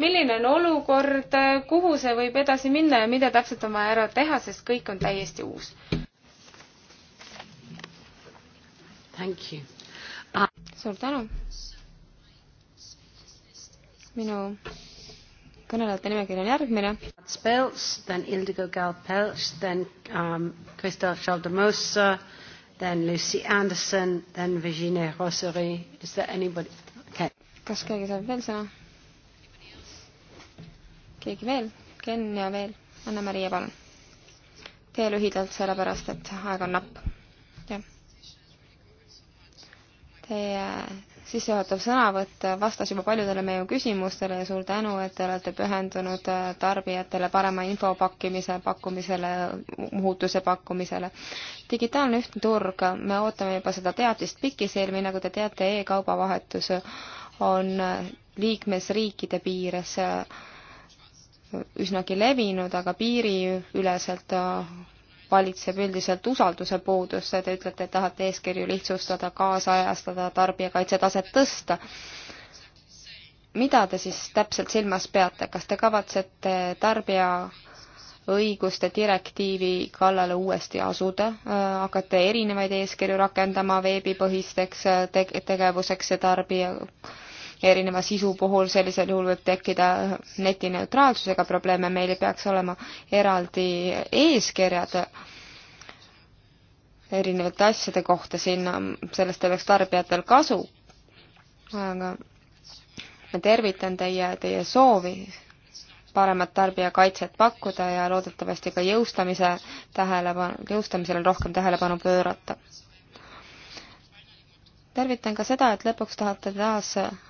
milline on olukord, kuhu see võib edasi minna ja mida täpselt on vaja ära teha, sest kõik on täiesti uus. suur tänu. minu kõnelejate nimekiri on järgmine. Spels, then Ildigo Galpels, then um, Christel Chaldemosa, then Lucy Anderson, then Virginie Rosary. Is there anybody? Okay. kas keegi saab veel sõna? keegi veel? Ken ja veel? Anna-Maria, palun. tee lühidalt, sellepärast et aeg on napp. jah. Teie äh, sissejuhatav sõnavõtt vastas juba paljudele meie küsimustele ja suur tänu, et te olete pühendunud äh, tarbijatele parema info pakkimise, pakkumisele, muutuse pakkumisele. digitaalne ühtne turg, me ootame juba seda teatist pikisilmi, nagu te teate e, e-kaubavahetus on äh, liikmesriikide piires äh, üsnagi levinud, aga piiriüleselt valitseb üldiselt usalduse puudus, te ütlete, et tahate eeskirju lihtsustada, kaasajastada, tarbijakaitsetaset tõsta. mida te siis täpselt silmas peate, kas te kavatsete tarbija õiguste direktiivi kallale uuesti asuda, äh, hakata erinevaid eeskirju rakendama veebipõhisteks tegevuseks ja tarbija erineva sisu puhul, sellisel juhul võib tekkida netineutraalsusega probleeme, meil ei peaks olema eraldi eeskirjad erinevate asjade kohta sinna, sellest oleks tarbijatel kasu. aga ma tervitan teie, teie soovi paremat tarbijakaitset pakkuda ja loodetavasti ka jõustamise tähelepanu, jõustamisele rohkem tähelepanu pöörata tervitan ka seda, et lõpuks tahate taas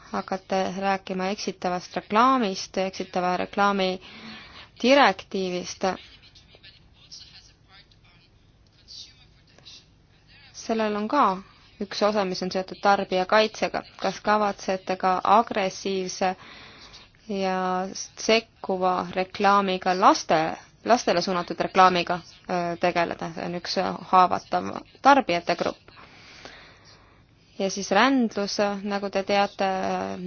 hakata rääkima eksitavast reklaamist, eksitava reklaami direktiivist. sellel on ka üks osa, mis on seotud tarbijakaitsega. kas kavatsete ka agressiivse ja sekkuva reklaamiga laste, lastele suunatud reklaamiga äh, tegeleda, see on üks haavatav tarbijate grupp ja siis rändlus, nagu te teate,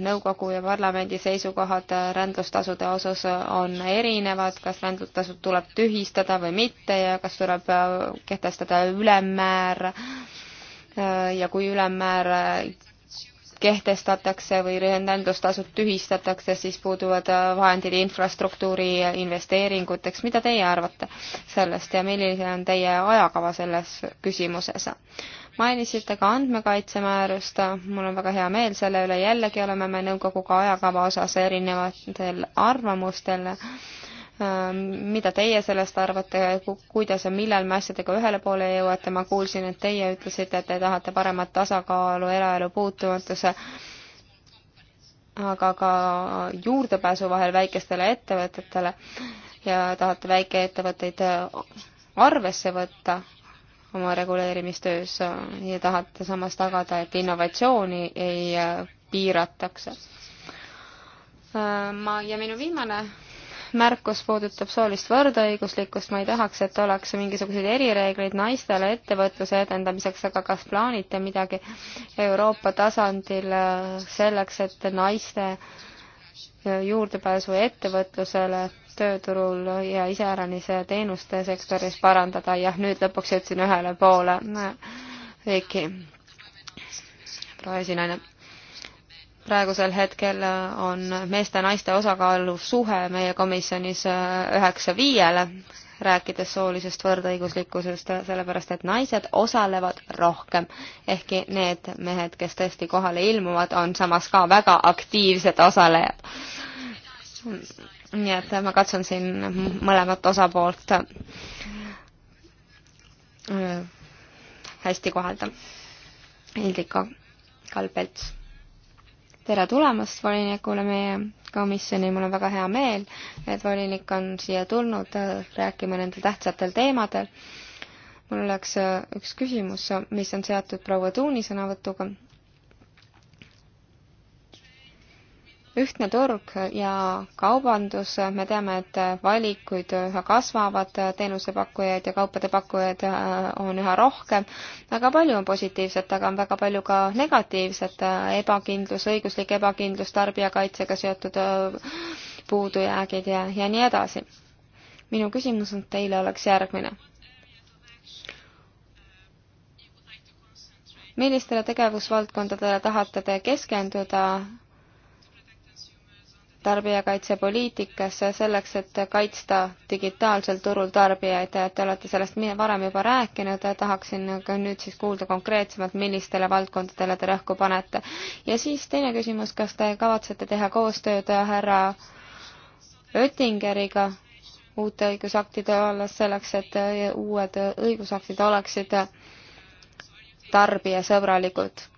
nõukogu ja parlamendi seisukohad rändlustasude osas on erinevad, kas rändlustasud tuleb tühistada või mitte ja kas tuleb äh, kehtestada ülemmäär äh, ja kui ülemmäär kehtestatakse või rendaldustasud tühistatakse, siis puuduvad äh, vahendid infrastruktuuri investeeringuteks. mida teie arvate sellest ja milline on teie ajakava selles küsimuses? mainisite ka andmekaitsemäärust, mul on väga hea meel selle üle, jällegi oleme me nõukoguga ajakava osas erinevatel arvamustel Ähm, mida teie sellest arvate, kuidas ja millal me asjadega ühele poole jõuate, ma kuulsin, et teie ütlesite, et te tahate paremat tasakaalu eraelu puutumatuse aga ka juurdepääsu vahel väikestele ettevõtetele ja tahate väikeettevõtteid äh, arvesse võtta oma reguleerimistöös äh, ja tahate samas tagada, et innovatsiooni ei äh, piiratakse. Ma ja minu viimane märkus puudutab soolist võrdõiguslikkust, ma ei tahaks, et oleks mingisuguseid erireegleid naistele ettevõtluse edendamiseks, aga kas plaanite midagi Euroopa tasandil äh, selleks, et naiste äh, juurdepääsu ettevõtlusele tööturul ja iseäranis teenuste sektoris parandada, jah, nüüd lõpuks jõudsin ühele poole, Viki, proua esinaine praegusel hetkel äh, on meeste-naiste osakaalu suhe meie komisjonis äh, üheksa viiele, rääkides soolisest võrdõiguslikkusest, äh, sellepärast et naised osalevad rohkem. ehkki need mehed, kes tõesti kohale ilmuvad, on samas ka väga aktiivsed osalejad. nii et ma katsun siin mõlemat osapoolt hästi kohelda. Hildiko Kalbelts tere tulemast volinikule meie komisjoni, mul on väga hea meel, et volinik on siia tulnud äh, rääkima nendel tähtsatel teemadel. mul oleks äh, üks küsimus, mis on seotud proua Tuuni sõnavõtuga ühtne turg ja kaubandus, me teame, et valikuid üha kasvavad, teenusepakkujaid ja kaupade pakkujaid äh, on üha rohkem, väga palju on positiivset, aga on väga palju ka negatiivset, ebakindlus, õiguslik ebakindlus, tarbijakaitsega seotud äh, puudujäägid ja, ja nii edasi. minu küsimus on teile oleks järgmine millistele tegevusvaldkondadele tahate te keskenduda tarbijakaitsepoliitikasse selleks, et kaitsta digitaalsel turul tarbijaid. Te olete sellest varem juba rääkinud, tahaksin ka nüüd siis kuulda konkreetsemalt, millistele valdkondadele te rõhku panete. ja siis teine küsimus, kas te kavatsete teha koostööd härra Oettingeriga uute õigusaktide alles selleks, et uued õigusaktid oleksid tarbijasõbralikud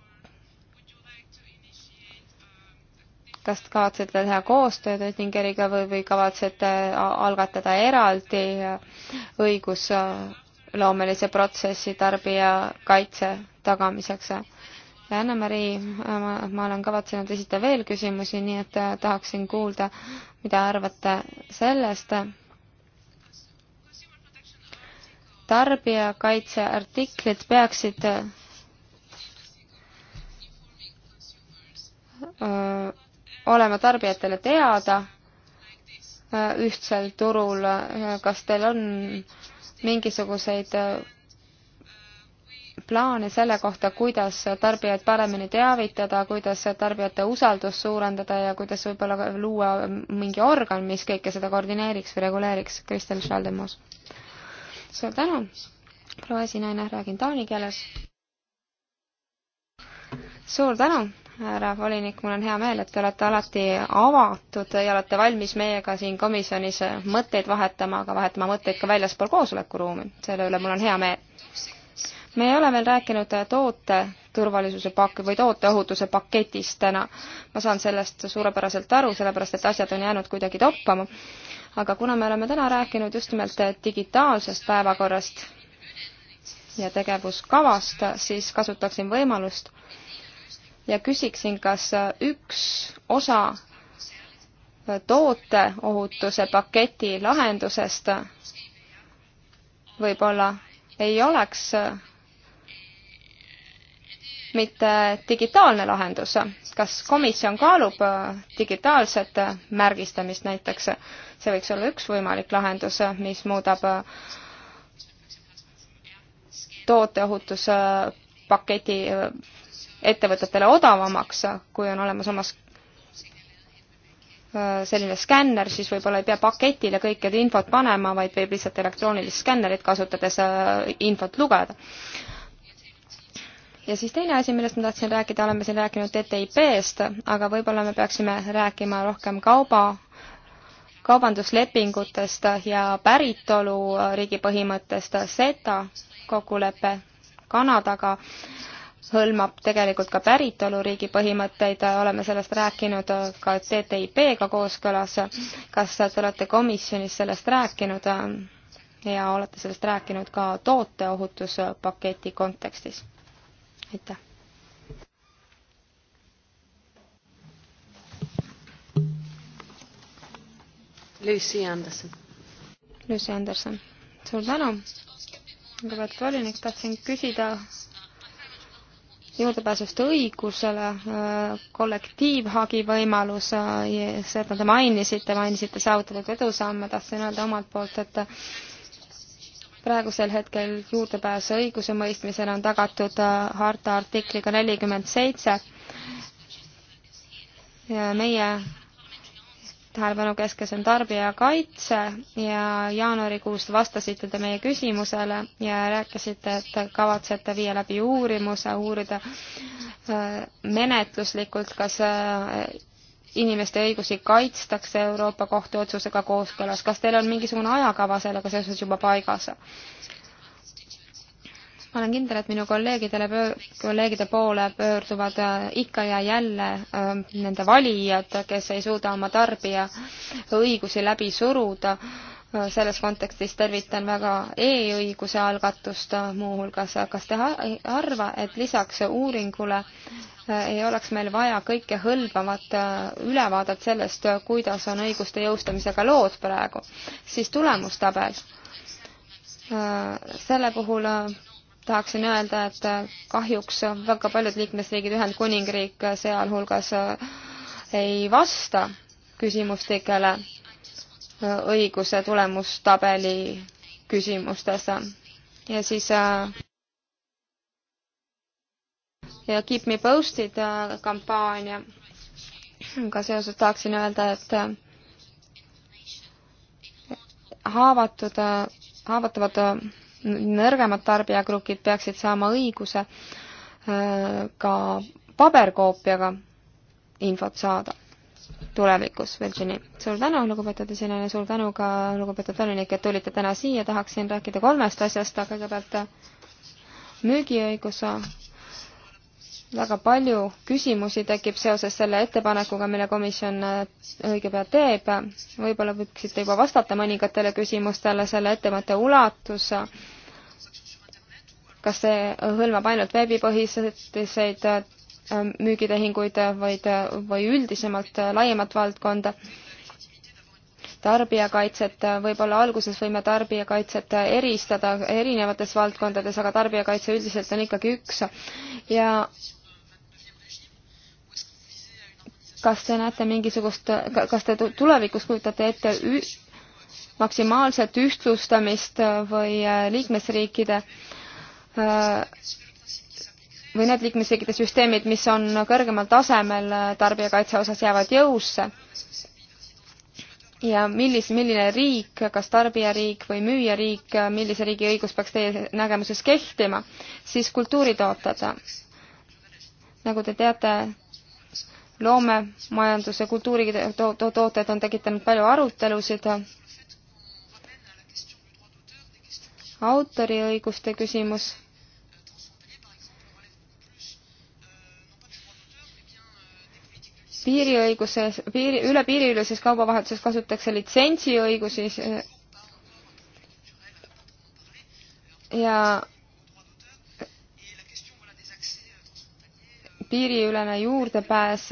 kas kavatsete teha koostööd Oettingeriga või, või kavatsete algatada eraldi õigusloomelise protsessi tarbijakaitse tagamiseks? ja Anna-Mari, ma, ma olen kavatsenud esitada veel küsimusi, nii et äh, tahaksin kuulda, mida arvate sellest. tarbijakaitse artiklid peaksid öö, äh, olema tarbijatele teada äh, ühtsel turul, kas teil on mingisuguseid äh, plaane selle kohta, kuidas tarbijaid paremini teavitada, kuidas tarbijate usaldust suurendada ja kuidas võib-olla luua mingi organ, mis kõike seda koordineeriks või reguleeriks, Kristel Schaldemus. suur tänu, proua esinaine, räägin taani keeles. suur tänu härra volinik, mul on hea meel, et te olete alati avatud ja olete valmis meiega siin komisjonis mõtteid vahetama, aga vahetama mõtteid ka väljaspool koosolekuruumi. selle üle mul on hea meel. me ei ole veel rääkinud toote turvalisuse pak- või tooteohutuse paketist täna. ma saan sellest suurepäraselt aru, sellepärast et asjad on jäänud kuidagi toppama. aga kuna me oleme täna rääkinud just nimelt digitaalsest päevakorrast ja tegevuskavast, siis kasutaksin võimalust ja küsiksin, kas üks osa tooteohutuse paketi lahendusest võib-olla ei oleks mitte digitaalne lahendus. kas komisjon kaalub digitaalset märgistamist näiteks? see võiks olla üks võimalik lahendus, mis muudab tooteohutuspaketi ettevõtetele odavamaks, kui on olemas omas äh, selline skänner, siis võib-olla ei pea paketile kõike infot panema, vaid võib lihtsalt elektroonilist skännerit kasutades äh, infot lugeda. ja siis teine asi, millest ma tahtsin rääkida, oleme siin rääkinud TTIP-st, aga võib-olla me peaksime rääkima rohkem kauba, kaubanduslepingutest ja päritoluriigi äh, põhimõttest, SETA kokkulepe Kanadaga äh, hõlmab tegelikult ka päritoluriigi põhimõtteid, oleme sellest rääkinud ka TTIP-ga kooskõlas. kas te olete komisjonis sellest rääkinud ja olete sellest rääkinud ka tooteohutuspaketi kontekstis? aitäh. Lucy Anderson. Lucy Anderson, suur tänu. lugupeetud volinik, tahtsin küsida juurdepääsust õigusele, äh, kollektiivhagi võimalus, äh, seda te mainisite, mainisite saavutatud edusamme, tahtsin öelda omalt poolt, et praegusel hetkel juurdepääs õigusemõistmisele on tagatud äh, harta artikliga nelikümmend seitse ja meie tähelepanu keskes on tarbijakaitse ja jaanuarikuust vastasite te meie küsimusele ja rääkisite, et kavatsete viia läbi uurimuse, uurida äh, menetluslikult, kas äh, inimeste õigusi kaitstakse Euroopa Kohtu otsusega kooskõlas, kas teil on mingisugune ajakava sellega seoses juba paigas? ma olen kindel, et minu kolleegidele, kolleegide poole pöörduvad äh, ikka ja jälle ähm, nende valijad, kes ei suuda oma tarbija õigusi läbi suruda. Äh, selles kontekstis tervitan väga e-õiguse algatust äh, muuhulgas. kas te arva, et lisaks uuringule ei oleks meil vaja kõike hõlbavat ülevaadet sellest, kuidas on õiguste jõustamisega lood praegu, siis tulemustabel selle puhul tahaksin öelda, et äh, kahjuks väga paljud liikmesriigid, Ühendkuningriik äh, sealhulgas, äh, ei vasta küsimustikele õiguse tulemustabeli küsimustes. ja siis ja Keep me posted kampaania ka seoses tahaksin öelda, et haavatud, haavatavad nõrgemad tarbijagrupid peaksid saama õiguse äh, ka paberkoopiaga infot saada tulevikus, Virginie. suur tänu, lugupeetud esineja, suur tänu ka lugupeetud volinik, et tulite täna siia, tahaksin rääkida kolmest asjast, aga kõigepealt müügiõiguse väga palju küsimusi tekib seoses selle ettepanekuga, mille komisjon äh, õige pea teeb. võib-olla võiksite juba vastata mõningatele küsimustele, selle ettevõtte ulatus, kas see hõlmab ainult veebipõhiseid äh, müügitehinguid vaid, või üldisemalt äh, laiemat valdkonda, tarbijakaitset, võib-olla alguses võime tarbijakaitset eristada erinevates valdkondades, aga tarbijakaitse üldiselt on ikkagi üks ja kas te näete mingisugust, kas te tulevikus kujutate ette maksimaalset ühtlustamist äh, või äh, liikmesriikide äh, või need liikmesriikide süsteemid, mis on kõrgemal tasemel tarbijakaitse osas, jäävad jõusse? ja millis, milline riik, kas tarbijariik või müüjariik, millise riigi õigus peaks teie nägemuses kehtima, siis kultuuritooted. nagu te teate, loomemajandus ja kultuuritooted on tekitanud palju arutelusid. autoriõiguste küsimus. piiriõiguses, piiri, üle piiriüleses kaubavahetuses kasutatakse litsentsiõigusi ja piiriülene juurdepääs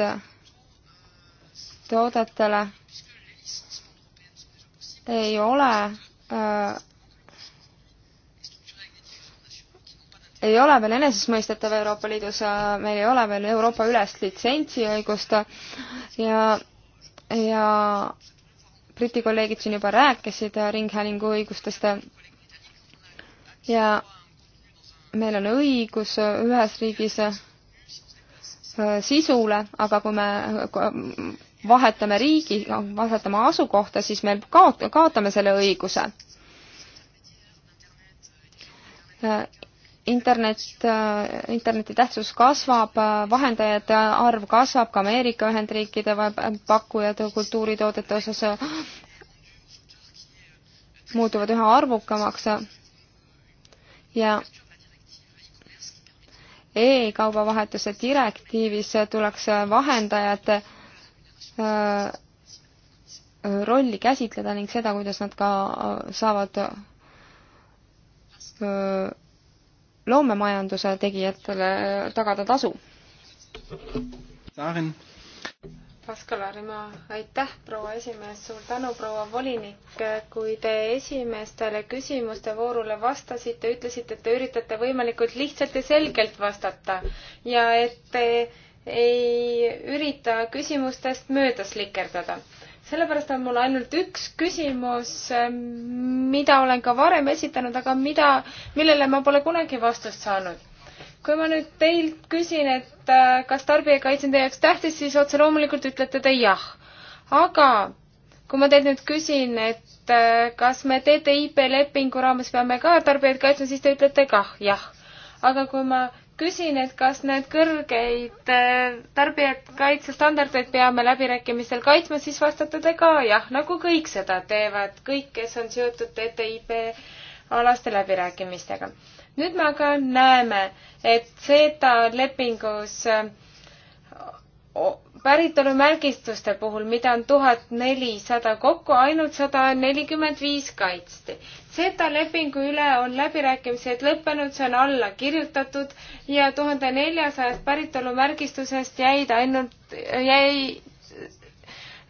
toodetele ei ole äh, ei ole veel enesestmõistetav Euroopa Liidus, äh, meil ei ole veel Euroopa ülest litsentsiõigust ja, ja Briti kolleegid siin juba rääkisid ringhäälingu õigustest ja meil on õigus ühes riigis Äh, sisule, aga kui me äh, vahetame riigi, vahetame asukohta, siis me kaot-, kaotame selle õiguse. Äh, internet, interneti tähtsus kasvab, vahendajate arv kasvab, ka Ameerika Ühendriikide pakkujad kultuuritoodete osas muutuvad üha arvukamaks ja e-kaubavahetuse direktiivis tuleks vahendajate äh, äh, rolli käsitleda ning seda, kuidas nad ka äh, saavad loomemajanduse tegijatele tagada tasu. Pascal Arimaa, aitäh, proua esimees, suur tänu, proua volinik. kui te esimestele küsimuste voorule vastasite, ütlesite, et te üritate võimalikult lihtsalt ja selgelt vastata ja et te ei ürita küsimustest mööda slikerdada. sellepärast on mul ainult üks küsimus, mida olen ka varem esitanud, aga mida, millele ma pole kunagi vastust saanud kui ma nüüd teilt küsin, et äh, kas tarbijakaitse on teie jaoks tähtis, siis otse loomulikult ütlete te jah. aga kui ma teilt nüüd küsin, et äh, kas me TTIP lepingu raames peame ka tarbijaid kaitsma, siis te ütlete kah jah. aga kui ma küsin, et kas need kõrgeid äh, tarbijakaitsestandardeid peame läbirääkimistel kaitsma, siis vastate te ka jah, nagu kõik seda teevad, kõik, kes on seotud TTIP alaste läbirääkimistega nüüd me aga näeme, et CETA lepingus päritolumärgistuste puhul, mida on tuhat nelisada kokku, ainult sada nelikümmend viis kaitsti. CETA lepingu üle on läbirääkimised lõppenud, see on alla kirjutatud ja tuhande neljasajast päritolumärgistusest jäid ainult, jäi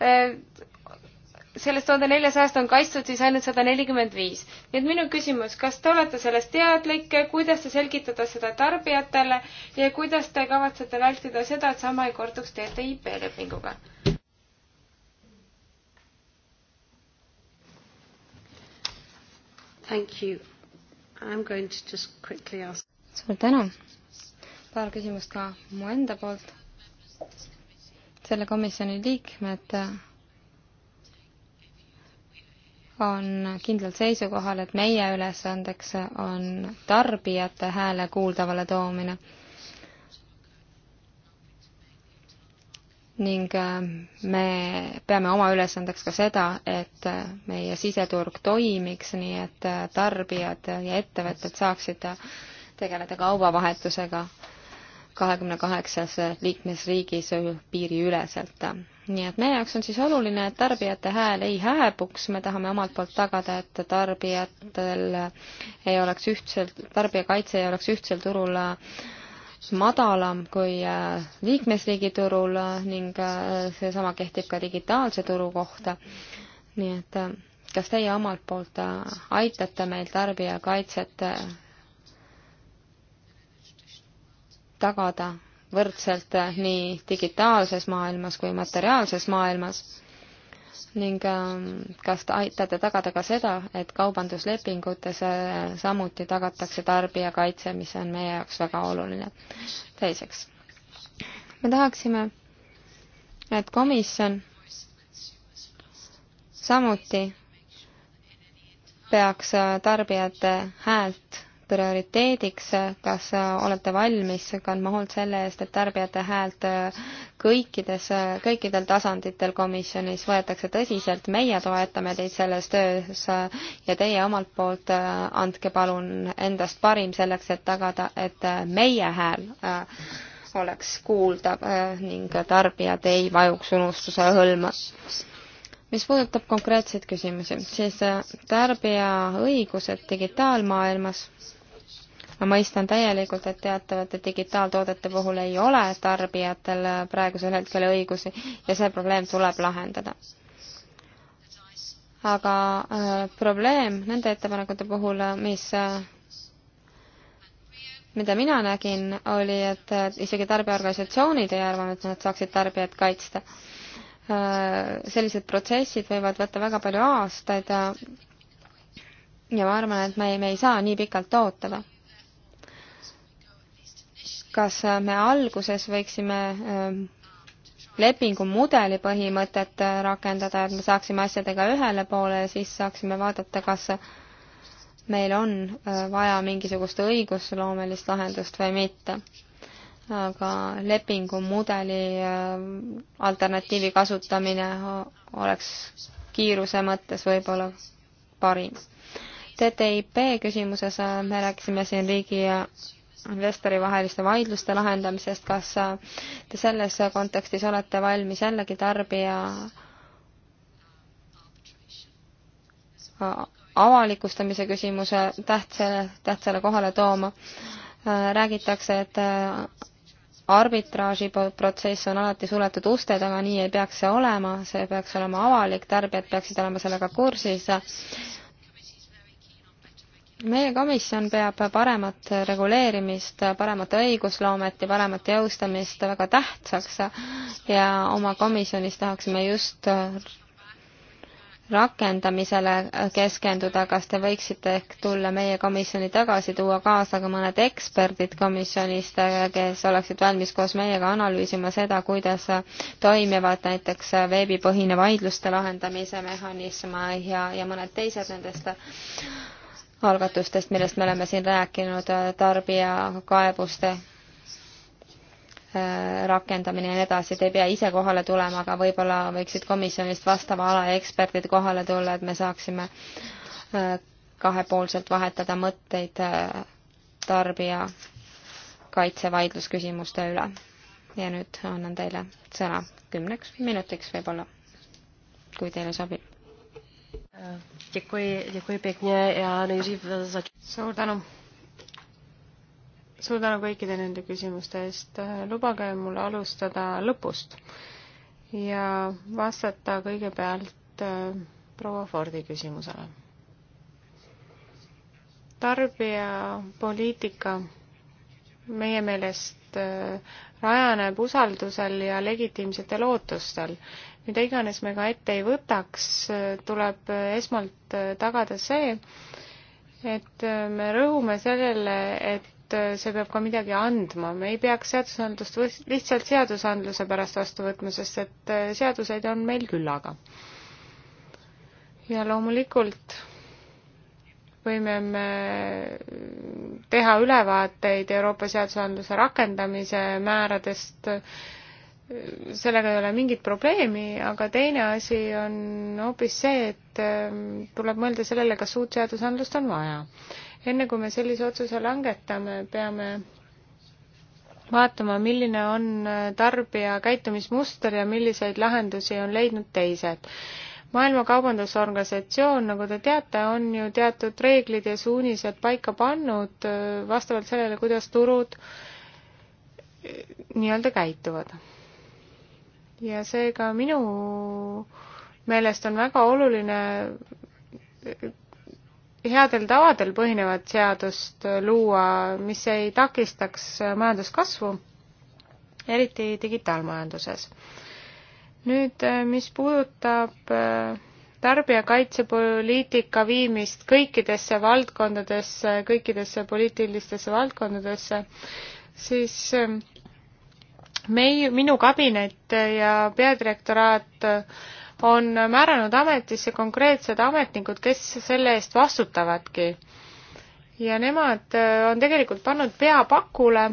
äh, sellest tuhande neljasajast on kaitstud siis ainult sada nelikümmend viis. nii et minu küsimus, kas te olete sellest teadlik, kuidas te selgitate seda tarbijatele ja kuidas te kavatsete vältida seda, et sama ei korduks TTIP lepinguga? Thank you. I am going to just quickly ask. suur tänu. paar küsimust ka mu enda poolt. selle komisjoni liikmed et on kindlal seisukohal, et meie ülesandeks on tarbijate hääle kuuldavale toomine. ning äh, me peame oma ülesandeks ka seda, et äh, meie siseturg toimiks, nii et äh, tarbijad ja ettevõtted saaksid tegeleda kaubavahetusega kahekümne kaheksas liikmesriigis piiriüleselt nii et meie jaoks on siis oluline, et tarbijate hääl ei hääbuks, me tahame omalt poolt tagada, et tarbijatel ei oleks ühtselt, tarbijakaitse ei oleks ühtsel turul äh, madalam kui äh, liikmesriigi turul äh, ning seesama kehtib ka digitaalse turu kohta. nii et kas teie omalt poolt aitate meil tarbijakaitset tagada võrdselt eh, nii digitaalses maailmas kui materiaalses maailmas ning ehm, kas te aitate tagada ka seda, et kaubanduslepingutes eh, samuti tagatakse tarbijakaitse, mis on meie jaoks väga oluline. teiseks, me tahaksime, et komisjon samuti peaks eh, tarbijate häält prioriteediks, kas olete valmis kandma hoolt selle eest, et tarbijate häält kõikides, kõikidel tasanditel komisjonis võetakse tõsiselt, meie toetame teid selles töös ja teie omalt poolt andke palun endast parim selleks, et tagada, et meie hääl oleks kuuldav ning tarbijad ei vajuks unustuse hõlma mis puudutab konkreetseid küsimusi, siis äh, tarbija õigused digitaalmaailmas ma mõistan täielikult, et teatavate digitaaltoodete puhul ei ole tarbijatel äh, praegusel hetkel õigusi ja see probleem tuleb lahendada. aga äh, probleem nende ettepanekute puhul, äh, mis äh, mida mina nägin, oli, et isegi tarbijaorganisatsioonid ei arvanud, et nad saaksid tarbijat kaitsta äh,. Äh, sellised protsessid võivad võtta väga palju aastaid ja, ja ma arvan, et me ei, me ei saa nii pikalt ootada. kas me alguses võiksime äh, lepingu mudeli põhimõtet äh, rakendada, et me saaksime asjadega ühele poole ja siis saaksime vaadata, kas meil on vaja mingisugust õigusloomelist lahendust või mitte aga lepingumudeli äh, alternatiivi kasutamine oleks kiiruse mõttes võib-olla parim. TTIP küsimuses äh, me rääkisime siin riigi ja investori vaheliste vaidluste lahendamisest, kas äh, te selles kontekstis olete valmis jällegi tarbija avalikustamise küsimuse tähtsale, tähtsale kohale tooma? räägitakse, et arbitraažiprotsess on alati suletud uste taga, nii ei peaks see olema, see peaks olema avalik, tarbijad peaksid olema sellega kursis. meie komisjon peab paremat reguleerimist, paremat õigusloomet ja paremat jõustamist väga tähtsaks ja oma komisjonis tahaksime just rakendamisele äh, keskenduda, kas te võiksite ehk tulla meie komisjoni tagasi, tuua kaasa ka mõned eksperdid komisjonist, äh, kes oleksid valmis koos meiega analüüsima seda, kuidas äh, toimivad näiteks veebipõhine vaidluste lahendamise mehhanism ja, ja mõned teised nendest algatustest, millest me oleme siin rääkinud, tarbijakaebuste Äh, rakendamine ja nii edasi, te ei pea ise kohale tulema, aga võib-olla võiksid komisjonist vastava ala eksperdid kohale tulla, et me saaksime äh, kahepoolselt vahetada mõtteid äh, tarbija kaitsevaidlusküsimuste üle. ja nüüd annan teile sõna kümneks minutiks võib-olla, kui teile sobib. suur tänu suur tänu kõikide nende küsimuste eest. lubage mul alustada lõpust ja vastata kõigepealt äh, proua Fordi küsimusele. tarbijapoliitika meie meelest äh, rajaneb usaldusel ja legitiimsetel ootustel. mida iganes me ka ette ei võtaks, äh, tuleb esmalt tagada see, et me rõhume sellele, et et äh, see peab ka midagi andma, me ei peaks seadusandlust lihtsalt seadusandluse pärast vastu võtma, sest et äh, seaduseid on meil küllaga. ja loomulikult võime me äh, teha ülevaateid Euroopa seadusandluse rakendamise määradest, sellega ei ole mingit probleemi, aga teine asi on hoopis see, et tuleb mõelda sellele, kas uut seadusandlust on vaja enne kui me sellise otsuse langetame, peame vaatama, milline on äh, tarbija käitumismuster ja milliseid lahendusi on leidnud teised. maailma Kaubandusorganisatsioon, nagu te teate, on ju teatud reeglid ja suunised paika pannud äh, vastavalt sellele, kuidas turud äh, nii-öelda käituvad. ja seega minu meelest on väga oluline headel tavadel põhinevat seadust luua, mis ei takistaks majanduskasvu, eriti digitaalmajanduses. nüüd, äh, mis puudutab äh, tarbijakaitsepoliitika viimist kõikidesse valdkondadesse, kõikidesse poliitilistesse valdkondadesse, siis äh, meie, minu kabinet ja peadirektoraat on määranud ametisse konkreetsed ametnikud, kes selle eest vastutavadki. ja nemad äh, on tegelikult pannud pea pakule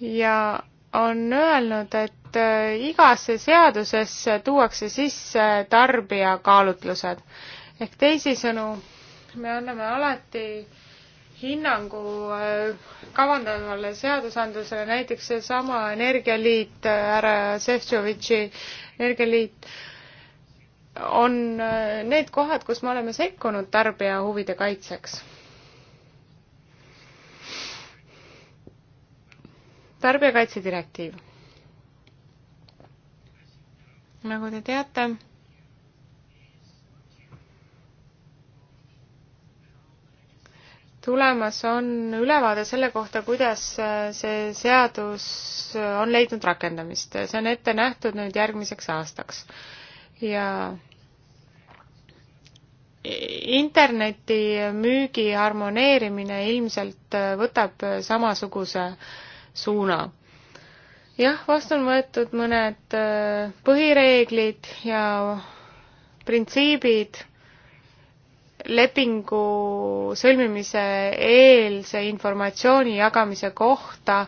ja on öelnud, et äh, igasse seadusesse tuuakse sisse tarbija kaalutlused. ehk teisisõnu, me anname alati hinnangu äh, kavandatavale seadusandlusele, näiteks seesama Energialiit härra Šefčovitši energialiit, on äh, need kohad, kus me oleme sekkunud tarbija huvide kaitseks. tarbijakaitse direktiiv. nagu te teate tulemas on ülevaade selle kohta, kuidas äh, see seadus äh, on leidnud rakendamist. see on ette nähtud nüüd järgmiseks aastaks. ja interneti müügi harmoneerimine ilmselt äh, võtab samasuguse suuna. jah, vastu on võetud mõned põhireeglid ja printsiibid lepingu sõlmimise eelse informatsiooni jagamise kohta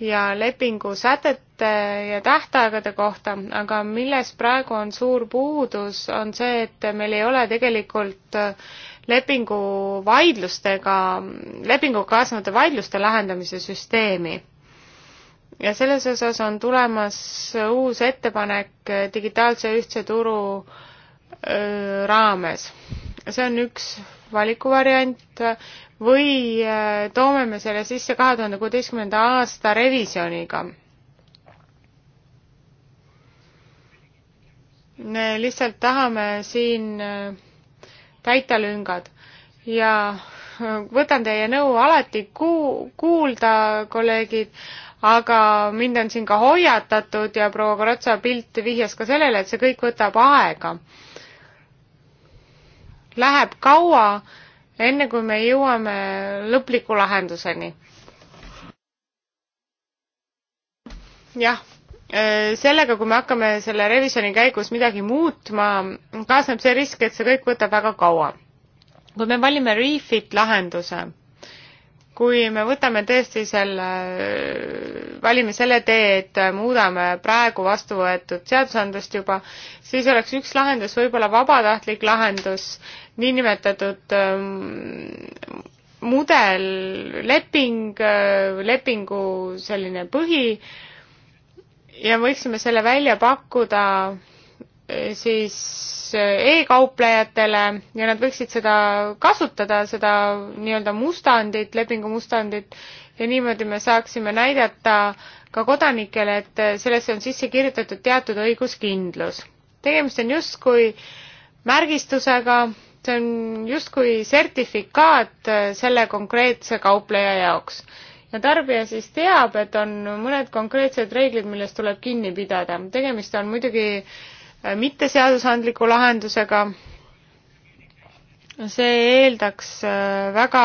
ja lepingu sätete ja tähtaegade kohta, aga milles praegu on suur puudus, on see, et meil ei ole tegelikult lepingu vaidlustega, lepinguga kaasnevate vaidluste lahendamise süsteemi ja selles osas on tulemas uus ettepanek digitaalse ühtse turu öö, äh, raames see on üks valikuvariant või äh, toome me selle sisse kahe tuhande kuueteistkümnenda aasta revisjoniga. me lihtsalt tahame siin äh, täita lüngad ja äh, võtan teie nõu alati ku-, kuulda, kolleegid, aga mind on siin ka hoiatatud ja proua Korotsa pilt vihjas ka sellele, et see kõik võtab aega läheb kaua, enne kui me jõuame lõpliku lahenduseni. jah, äh, sellega, kui me hakkame selle revisjoni käigus midagi muutma, kaasneb see risk, et see kõik võtab väga kaua. kui me valime Refit lahenduse kui me võtame tõesti selle, valime selle tee, et muudame praegu vastu võetud seadusandlust juba, siis oleks üks lahendus võib-olla vabatahtlik lahendus, niinimetatud ähm, mm, mudelleping, lepingu selline põhi ja võiksime selle välja pakkuda äh, Eh, siis eh, e-kauplejatele ja nad võiksid seda kasutada, seda nii-öelda mustandit, lepingu mustandit ja niimoodi me saaksime näidata ka kodanikele, et eh, sellesse on sisse kirjutatud teatud õiguskindlus. tegemist on justkui märgistusega, see on justkui sertifikaat selle konkreetse kaupleja jaoks ja tarbija siis teab, et on mõned konkreetsed reeglid, millest tuleb kinni pidada. tegemist on muidugi äh, Äh, mitteseadusandliku lahendusega. see eeldaks äh, väga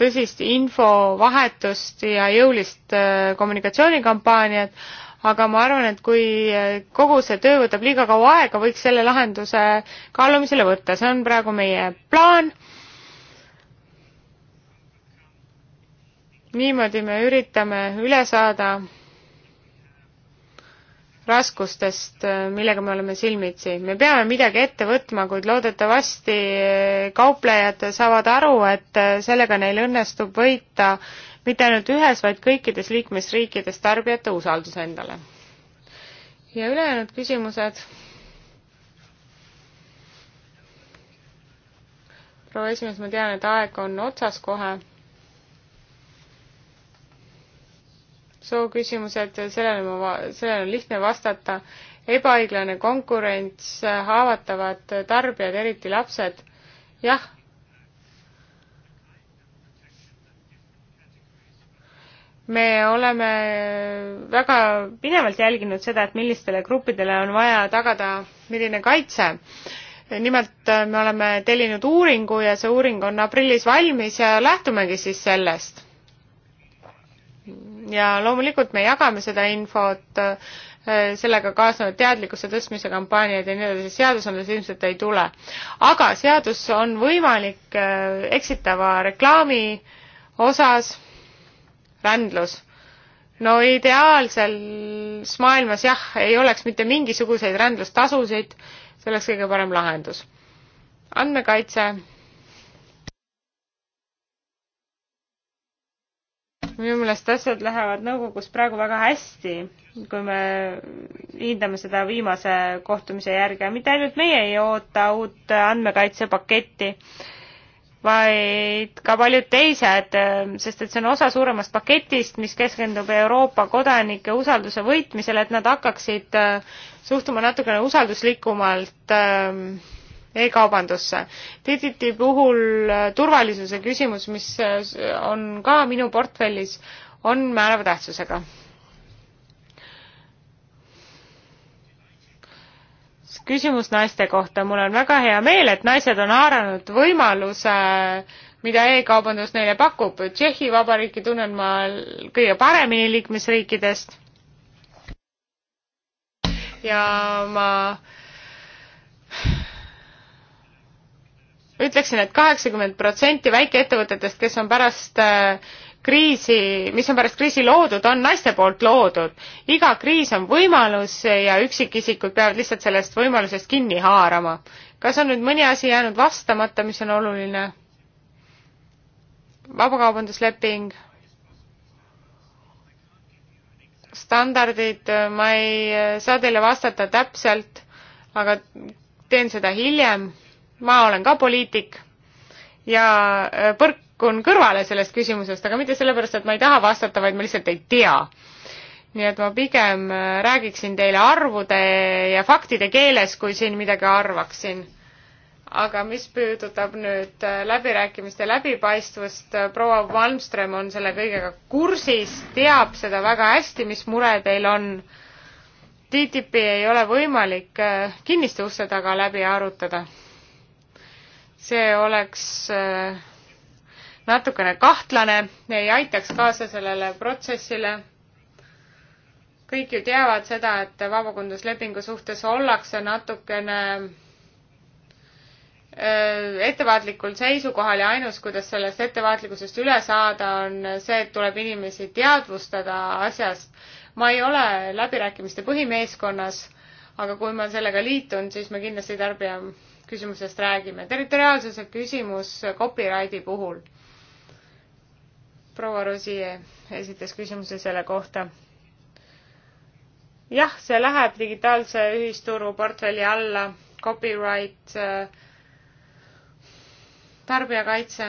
tõsist infovahetust ja jõulist äh, kommunikatsioonikampaaniat, aga ma arvan, et kui kogu see töö võtab liiga kaua aega, võiks selle lahenduse kaalumisele võtta, see on praegu meie plaan. niimoodi me üritame üle saada raskustest, äh, millega me oleme silmitsi. me peame midagi ette võtma, kuid loodetavasti äh, kauplejad saavad aru, et äh, sellega neil õnnestub võita mitte ainult ühes, vaid kõikides liikmesriikides tarbijate usaldus endale. ja ülejäänud küsimused? proua esimees, ma tean, et aeg on otsas kohe sooküsimused, sellele ma, sellele on lihtne vastata. ebaõiglane konkurents, haavatavad tarbijad, eriti lapsed. jah. me oleme väga pinevalt jälginud seda, et millistele gruppidele on vaja tagada milline kaitse nimelt me oleme tellinud uuringu ja see uuring on aprillis valmis ja lähtumegi siis sellest ja loomulikult me jagame seda infot, äh, sellega kaasnevad teadlikkuse tõstmise kampaaniad ja nii edasi, seadusandlus ilmselt ei tule. aga seadus on võimalik äh, eksitava reklaami osas, rändlus. no ideaalses maailmas jah, ei oleks mitte mingisuguseid rändlustasusid, see oleks kõige parem lahendus. andmekaitse minu meelest asjad lähevad nõukogus praegu väga hästi, kui me hindame seda viimase kohtumise järgi, aga mitte ainult meie ei oota uut andmekaitsepaketti, vaid ka paljud teised, sest et see on osa suuremast paketist, mis keskendub Euroopa kodanike usalduse võitmisele, et nad hakkaksid suhtuma natukene usalduslikumalt äh, e-kaubandusse. Digiti puhul äh, turvalisuse küsimus, mis äh, on ka minu portfellis, on määrava tähtsusega. küsimus naiste kohta. mul on väga hea meel, et naised on haaranud võimaluse, mida e-kaubandus neile pakub. Tšehhi Vabariiki tunnen ma kõige paremini liikmesriikidest. ja ma äh, ütleksin et, et kaheksakümmend protsenti väikeettevõtetest, kes on pärast äh, kriisi, mis on pärast kriisi loodud, on naiste poolt loodud. iga kriis on võimalus ja üksikisikud peavad lihtsalt sellest võimalusest kinni haarama. kas on nüüd mõni asi jäänud vastamata, mis on oluline? vabakaubandusleping standardid, äh, ma ei äh, saa teile vastata täpselt, aga teen seda hiljem ma olen ka poliitik ja äh, põrkun kõrvale sellest küsimusest, aga mitte sellepärast, et ma ei taha vastata, vaid ma lihtsalt ei tea. nii et ma pigem äh, räägiksin teile arvude ja faktide keeles, kui siin midagi arvaksin. aga mis puudutab nüüd äh, läbirääkimiste läbipaistvust, proua Malmström on selle kõigega kursis, teab seda väga hästi, mis mure teil on TTIP-i ei ole võimalik kinniste uste taga läbi arutada see oleks äh, natukene kahtlane, ei aitaks kaasa sellele protsessile. kõik ju teavad seda, et vabakonduslepingu suhtes ollakse natukene äh, ettevaatlikul seisukohal ja ainus, kuidas sellest ettevaatlikkusest üle saada, on see, et tuleb inimesi teadvustada asjast. ma ei ole läbirääkimiste põhimeeskonnas, aga kui ma sellega liitun, siis me kindlasti tarbijam küsimusest räägime. territoriaalsuse küsimus copyrighti puhul. proua Rosie esitas küsimuse selle kohta. jah, see läheb digitaalse ühisturu portfelli alla, copyright, äh, tarbijakaitse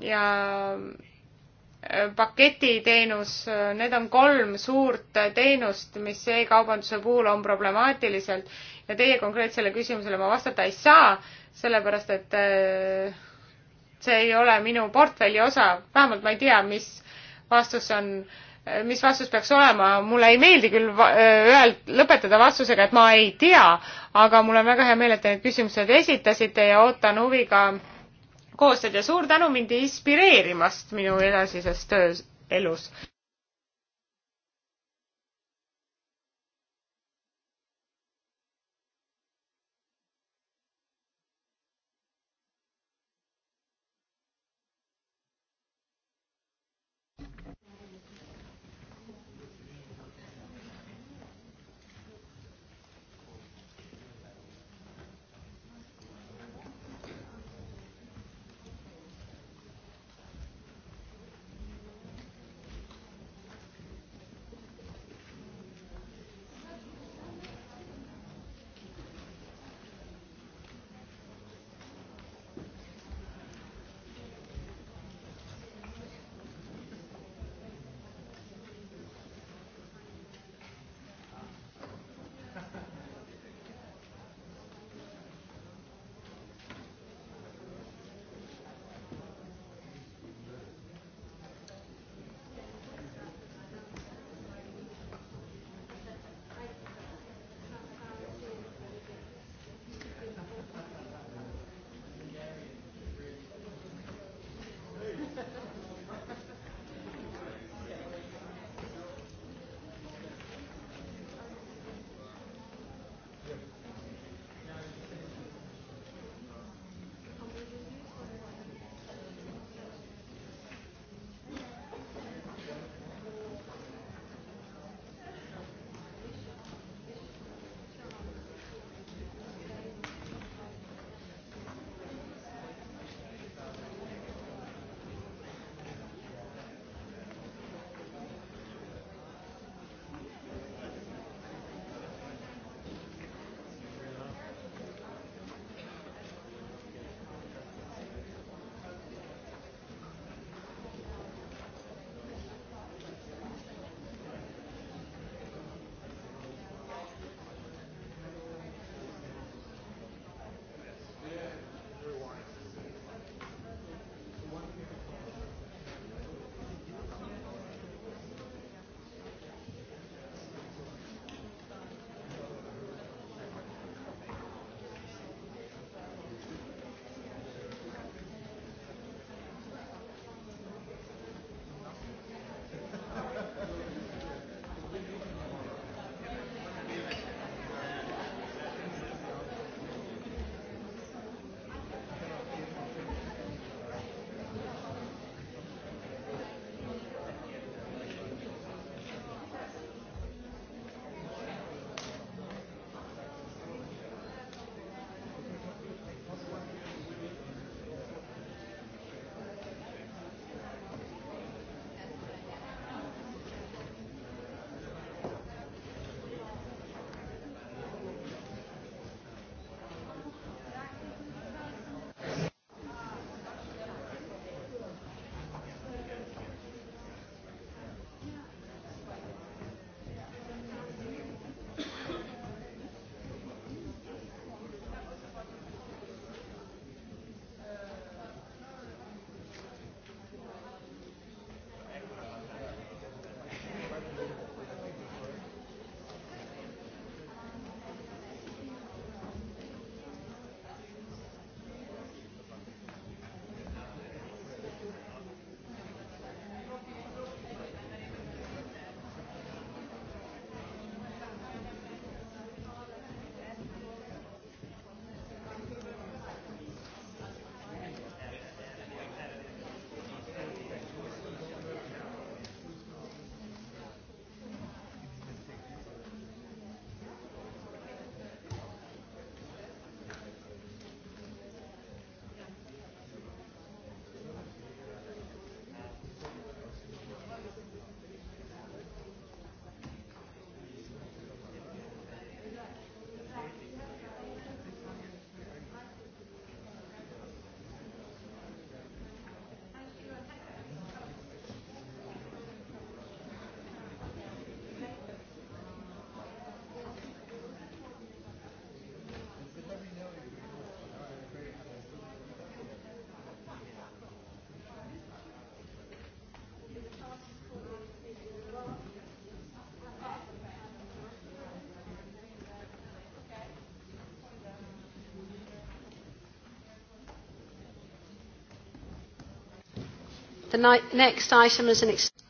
ja äh, paketiteenus, äh, need on kolm suurt teenust, mis e-kaubanduse puhul on problemaatilised ja teie konkreetsele küsimusele ma vastata ei saa, sellepärast et äh, see ei ole minu portfelli osa, vähemalt ma ei tea, mis vastus on, äh, mis vastus peaks olema, mulle ei meeldi küll äh, öeld, lõpetada vastusega, et ma ei tea, aga mul on väga hea meel, et te need küsimused esitasite ja ootan huviga koostööd ja suur tänu mind inspireerimast minu edasises töös, elus.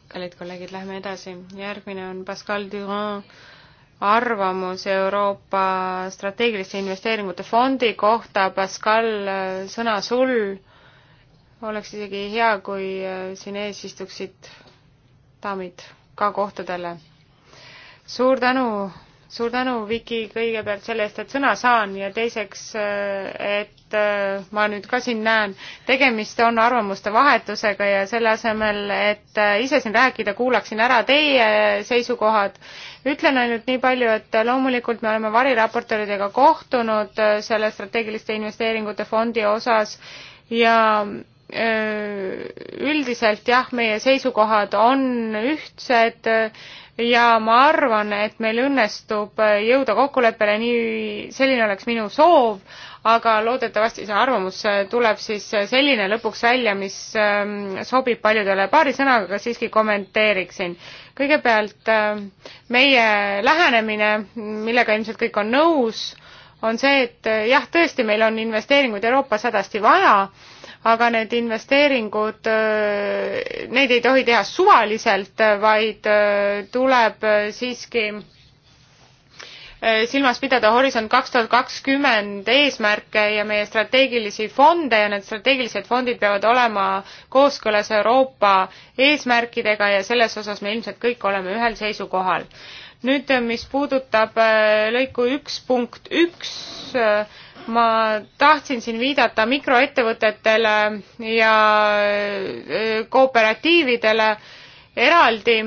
kallid kolleegid, lähme edasi. järgmine on Pascal Durand arvamus Euroopa strateegiliste investeeringute fondi kohta. Pascal, sõna sul. oleks isegi hea, kui äh, siin ees istuksid daamid ka kohtadele. suur tänu, suur tänu, Viki, kõigepealt selle eest, et sõna saan ja teiseks, äh, et äh, ma nüüd ka siin näen, tegemist on arvamuste vahetusega ja selle asemel, et äh, ise siin rääkida, kuulaksin ära teie seisukohad. ütlen ainult nii palju, et loomulikult me oleme variraportööridega kohtunud selle strateegiliste investeeringute fondi osas ja üldiselt jah, meie seisukohad on ühtsed ja ma arvan, et meil õnnestub jõuda kokkuleppele, nii, selline oleks minu soov, aga loodetavasti see arvamus tuleb siis selline lõpuks välja, mis ähm, sobib paljudele. paari sõnaga siiski kommenteeriksin. kõigepealt ähm, meie lähenemine, millega ilmselt kõik on nõus, on see, et äh, jah, tõesti, meil on investeeringuid Euroopas hädasti vaja aga need investeeringud, neid ei tohi teha suvaliselt, vaid äh, tuleb äh, siiski äh, silmas pidada Horisont kaks tuhat kakskümmend eesmärke ja meie strateegilisi fonde ja need strateegilised fondid peavad olema kooskõlas Euroopa eesmärkidega ja selles osas me ilmselt kõik oleme ühel seisukohal. nüüd, mis puudutab lõiku üks punkt üks, ma tahtsin siin viidata mikroettevõtetele ja e, kooperatiividele eraldi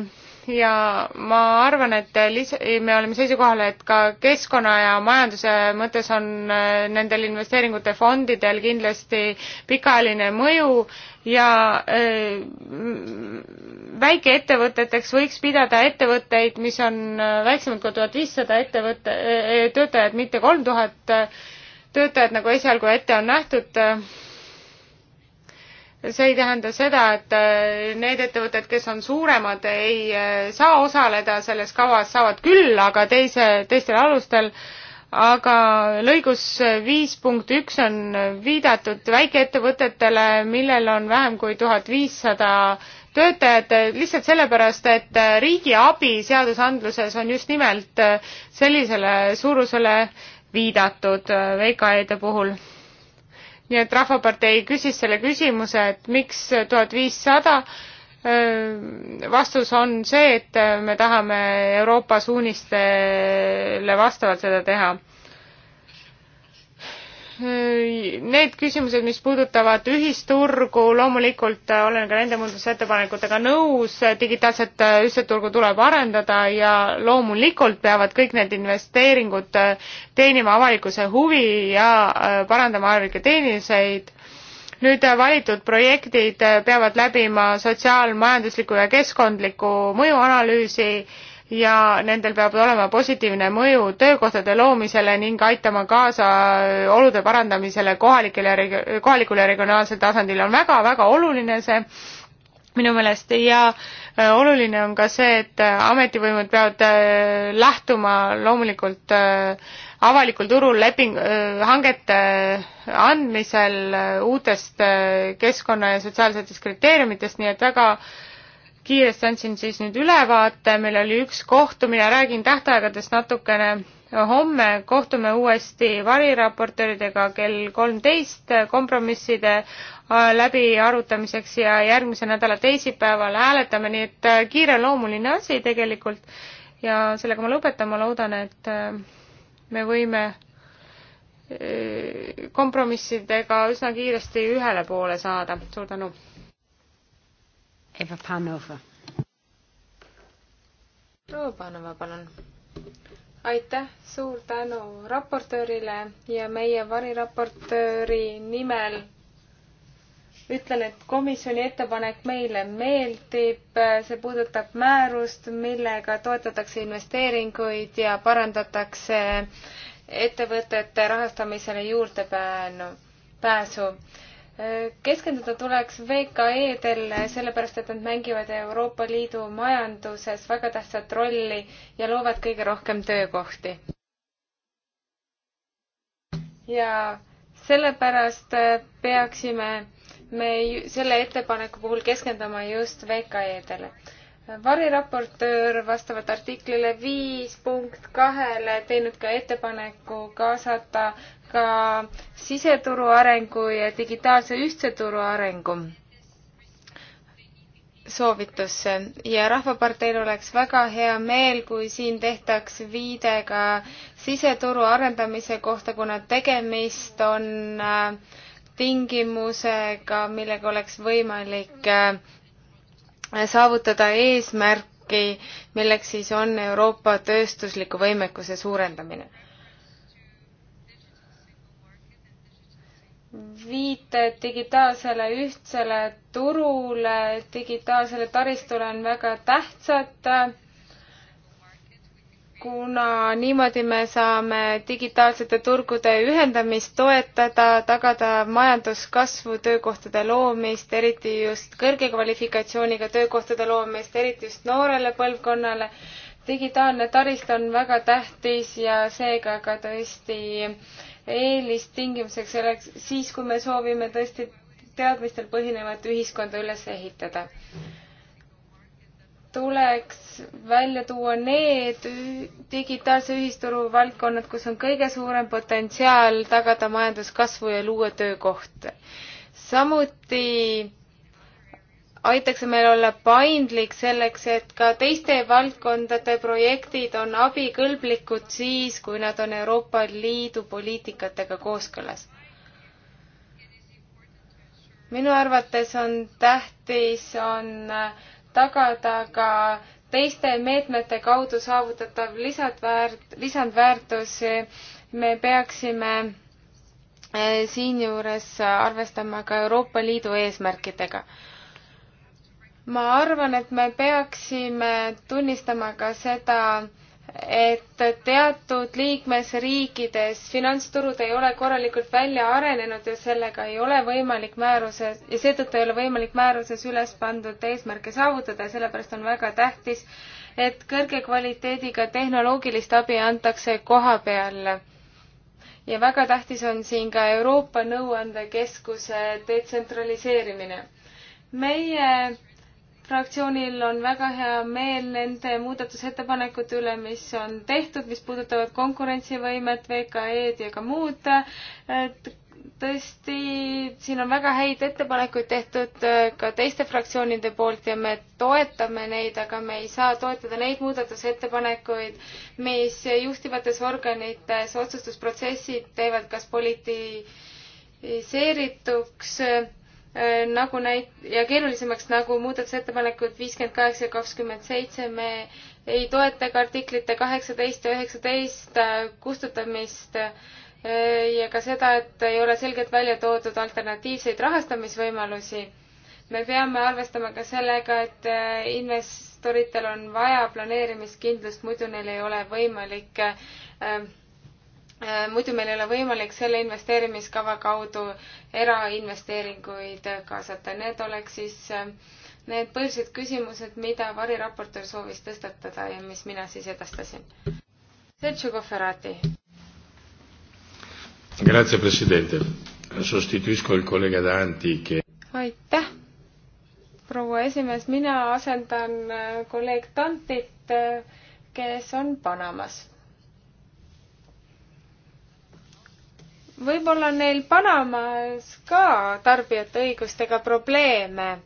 ja ma arvan, et lis-, me oleme seisukohal, et ka keskkonna ja majanduse mõttes on e, nendel investeeringute fondidel kindlasti pikaajaline mõju ja e, väikeettevõteteks võiks pidada ettevõtteid, mis on väiksemad kui tuhat viissada ettevõtte, töötajat, mitte kolm tuhat töötajad nagu esialgu ette on nähtud. see ei tähenda seda, et äh, need ettevõtted, kes on suuremad, ei äh, saa osaleda selles kavas, saavad küll, aga teise, teistel alustel aga lõigus viis punkt üks on viidatud väikeettevõtetele, millel on vähem kui tuhat viissada töötajat, lihtsalt sellepärast, et riigi abi seadusandluses on just nimelt sellisele suurusele viidatud äh, VKE-de e puhul. nii et Rahvapartei küsis selle küsimuse, et miks tuhat viissada äh, vastus on see, et äh, me tahame Euroopa suunistele vastavalt seda teha Need küsimused, mis puudutavad ühisturgu, loomulikult äh, olen ka nende muudatusettepanekutega nõus, äh, digitaalset äh, ühtset turgu tuleb arendada ja loomulikult peavad kõik need investeeringud teenima avalikkuse huvi ja parandama avalikke teeniseid nüüd valitud projektid peavad läbima sotsiaalmajandusliku ja keskkondliku mõjuanalüüsi ja nendel peab olema positiivne mõju töökohtade loomisele ning aitama kaasa olude parandamisele kohalikele, kohalikul ja regionaalsel tasandil on väga-väga oluline see minu meelest ja äh, oluline on ka see, et äh, ametivõimud peavad äh, lähtuma loomulikult avalikul turul leping, hangete andmisel uutest keskkonna ja sotsiaalsetest kriteeriumitest, nii et väga äh, kiiresti andsin siis nüüd ülevaate, meil oli üks kohtumine, räägin tähtaegadest natukene homme, kohtume uuesti variraportööridega kell kolmteist kompromisside äh, läbiarutamiseks ja järgmise nädala teisipäeval hääletame, nii et äh, kiireloomuline asi tegelikult ja sellega ma lõpetan, ma loodan, et äh, me võime kompromissidega üsna kiiresti ühele poole saada, suur tänu! Eva Panova. proua Panova, palun. aitäh, suur tänu raportöörile ja meie variraportööri nimel ütlen, et komisjoni ettepanek meile meeldib, see puudutab määrust, millega toetatakse investeeringuid ja parandatakse ettevõtete rahastamisele juurdepäänu, pääsu keskenduda tuleks VKE-dele, sellepärast et nad mängivad Euroopa Liidu majanduses väga tähtsat rolli ja loovad kõige rohkem töökohti. ja sellepärast peaksime me selle ettepaneku puhul keskenduma just VKE-dele. variraportöör vastavalt artiklile viis punkt kahele teinud ka ettepaneku kaasata ka siseturu arengu ja digitaalse ühtse turu arengu soovitusse ja Rahvaparteil oleks väga hea meel, kui siin tehtaks viide ka siseturu arendamise kohta, kuna tegemist on äh, tingimusega, millega oleks võimalik äh, saavutada eesmärki, milleks siis on Euroopa tööstusliku võimekuse suurendamine viited digitaalsele ühtsele turule, digitaalsele taristule on väga tähtsad, kuna niimoodi me saame digitaalsete turgude ühendamist toetada, tagada majanduskasvu, töökohtade loomist, eriti just kõrge kvalifikatsiooniga töökohtade loomist, eriti just noorele põlvkonnale. digitaalne tarist on väga tähtis ja seega ka tõesti eelistingimuseks oleks siis, kui me soovime tõesti teadmistel põhinevat ühiskonda üles ehitada. tuleks välja tuua need digitaalse ühisturu valdkonnad, kus on kõige suurem potentsiaal tagada majanduskasvu ja luua töökohti. samuti aitakse meil olla paindlik selleks, et ka teiste valdkondade projektid on abikõlblikud siis, kui nad on Euroopa Liidu poliitikatega kooskõlas. minu arvates on tähtis, on äh, tagada ka teiste meetmete kaudu saavutatav lisandväärt-, lisandväärtus. me peaksime äh, siinjuures arvestama ka Euroopa Liidu eesmärkidega ma arvan, et me peaksime tunnistama ka seda, et teatud liikmesriikides finantsturud ei ole korralikult välja arenenud ja sellega ei ole võimalik määruses ja seetõttu ei ole võimalik määruses üles pandud eesmärke saavutada ja sellepärast on väga tähtis, et kõrge kvaliteediga tehnoloogilist abi antakse koha peal. ja väga tähtis on siin ka Euroopa Nõuandekeskuse detsentraliseerimine. meie fraktsioonil on väga hea meel nende muudatusettepanekute üle, mis on tehtud, mis puudutavad konkurentsivõimet, VKE-d ja ka muud. tõesti, siin on väga häid ettepanekuid tehtud äh, ka teiste fraktsioonide poolt ja me toetame neid, aga me ei saa toetada neid muudatusettepanekuid, mis juhtivates organites otsustusprotsessid teevad kas politiseerituks Äh, nagu näit- ja keerulisemaks, nagu muudatusettepanekud viiskümmend kaheksa ja kakskümmend seitse, me ei toeta ka artiklite kaheksateist ja üheksateist äh, kustutamist äh, ja ka seda, et ei ole selgelt välja toodud alternatiivseid rahastamisvõimalusi. me peame arvestama ka sellega, et investoritel on vaja planeerimiskindlust, muidu neil ei ole võimalik Äh, muidu meil ei ole võimalik selle investeerimiskava kaudu erainvesteeringuid kaasata. Need oleks siis äh, need põhilised küsimused, mida variraportöör soovis tõstatada ja mis mina siis edastasin. Sergio Cofferati. Grazie Presidente, sostituisco il collega Danti che. aitäh, proua esimees, mina asendan äh, kolleeg Dantit, kes on Panamas võib-olla on neil Panamas ka tarbijate õigustega probleeme.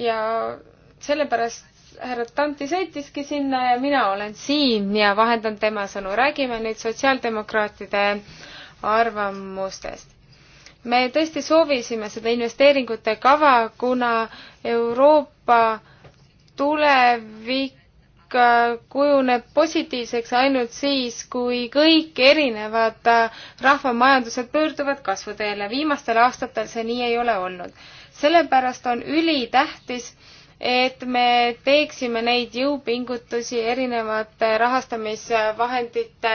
ja sellepärast härra Tanti sõitiski sinna ja mina olen siin ja vahendan tema sõnu. räägime nüüd sotsiaaldemokraatide arvamustest. me tõesti soovisime seda investeeringute kava, kuna Euroopa tulevik Äh, kujuneb positiivseks ainult siis, kui kõik erinevad äh, rahvamajandused pöörduvad kasvuteele. viimastel aastatel see nii ei ole olnud. sellepärast on ülitähtis, et me teeksime neid jõupingutusi erinevate rahastamisvahendite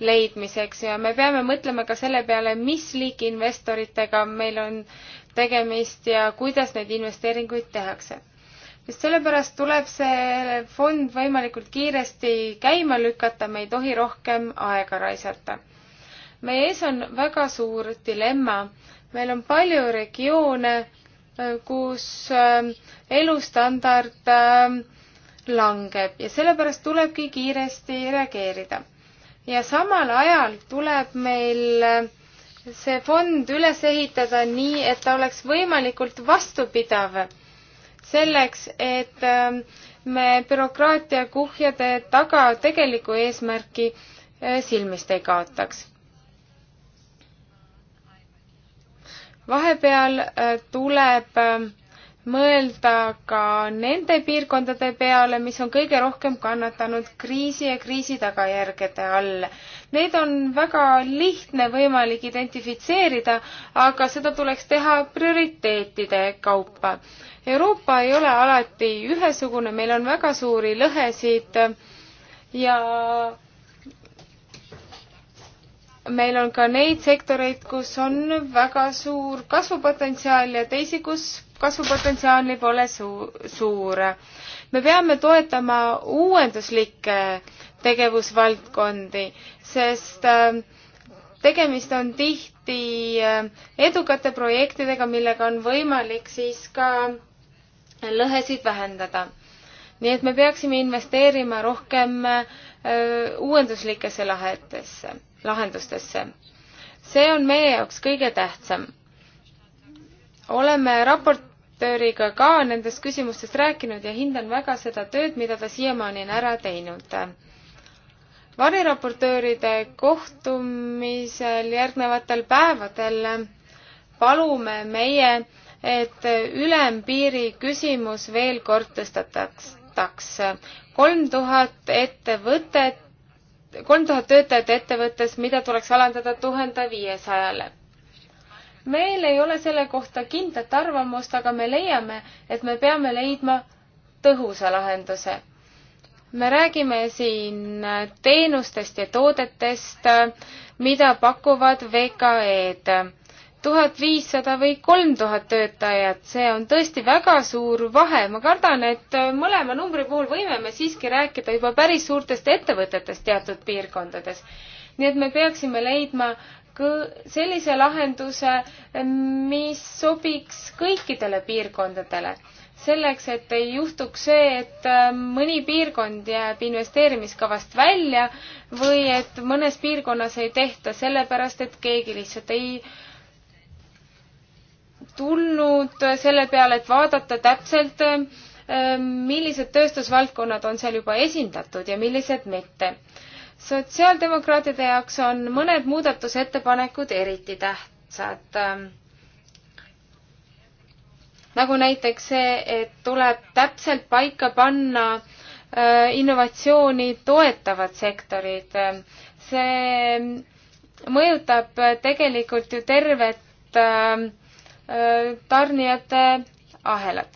leidmiseks ja me peame mõtlema ka selle peale, mis liiki investoritega meil on tegemist ja kuidas neid investeeringuid tehakse just sellepärast tuleb see fond võimalikult kiiresti käima lükata, me ei tohi rohkem aega raisata. meie ees on väga suur dilemma. meil on palju regioone, äh, kus äh, elustandard äh, langeb ja sellepärast tulebki kiiresti reageerida. ja samal ajal tuleb meil see fond üles ehitada nii, et ta oleks võimalikult vastupidav selleks, et ähm, me bürokraatia kuhjade taga tegelikku eesmärki äh, silmist ei kaotaks. vahepeal äh, tuleb ähm, mõelda ka nende piirkondade peale, mis on kõige rohkem kannatanud kriisi ja kriisi tagajärgede all. Neid on väga lihtne võimalik identifitseerida, aga seda tuleks teha prioriteetide kaupa. Euroopa ei ole alati ühesugune, meil on väga suuri lõhesid ja meil on ka neid sektoreid, kus on väga suur kasvupotentsiaal ja teisi, kus kasvupotentsiaali pole suu-, suur. me peame toetama uuenduslikke tegevusvaldkondi, sest äh, tegemist on tihti äh, edukate projektidega, millega on võimalik siis ka lõhesid vähendada. nii et me peaksime investeerima rohkem äh, uuenduslikesse lahendesse, lahendustesse. see on meie jaoks kõige tähtsam. oleme raportööriga ka nendest küsimustest rääkinud ja hindan väga seda tööd, mida ta siiamaani on ära teinud variraportööride kohtumisel järgnevatel päevadel palume meie et ülempiiri küsimus veel kord tõstataks. kolm tuhat ettevõtet, kolm tuhat töötajat ettevõttes, mida tuleks alandada tuhande viiesajale. meil ei ole selle kohta kindlat arvamust, aga me leiame, et me peame leidma tõhusa lahenduse me räägime siin teenustest ja toodetest, mida pakuvad VKE-d tuhat viissada või kolm tuhat töötajat, see on tõesti väga suur vahe. ma kardan, et äh, mõlema numbri puhul võime me siiski rääkida juba päris suurtest ettevõtetest teatud piirkondades. nii et me peaksime leidma sellise lahenduse, mis sobiks kõikidele piirkondadele. selleks, et ei juhtuks see, et äh, mõni piirkond jääb investeerimiskavast välja või et mõnes piirkonnas ei tehta sellepärast, et keegi lihtsalt ei äh, tulnud selle peale, et vaadata täpselt, ähm, millised tööstusvaldkonnad on seal juba esindatud ja millised mitte. sotsiaaldemokraatide jaoks on mõned muudatusettepanekud eriti tähtsad. Ähm, nagu näiteks see, et tuleb täpselt paika panna äh, innovatsiooni toetavad sektorid. Ähm, see mõjutab tegelikult ju tervet Äh, tarnijate ahelat.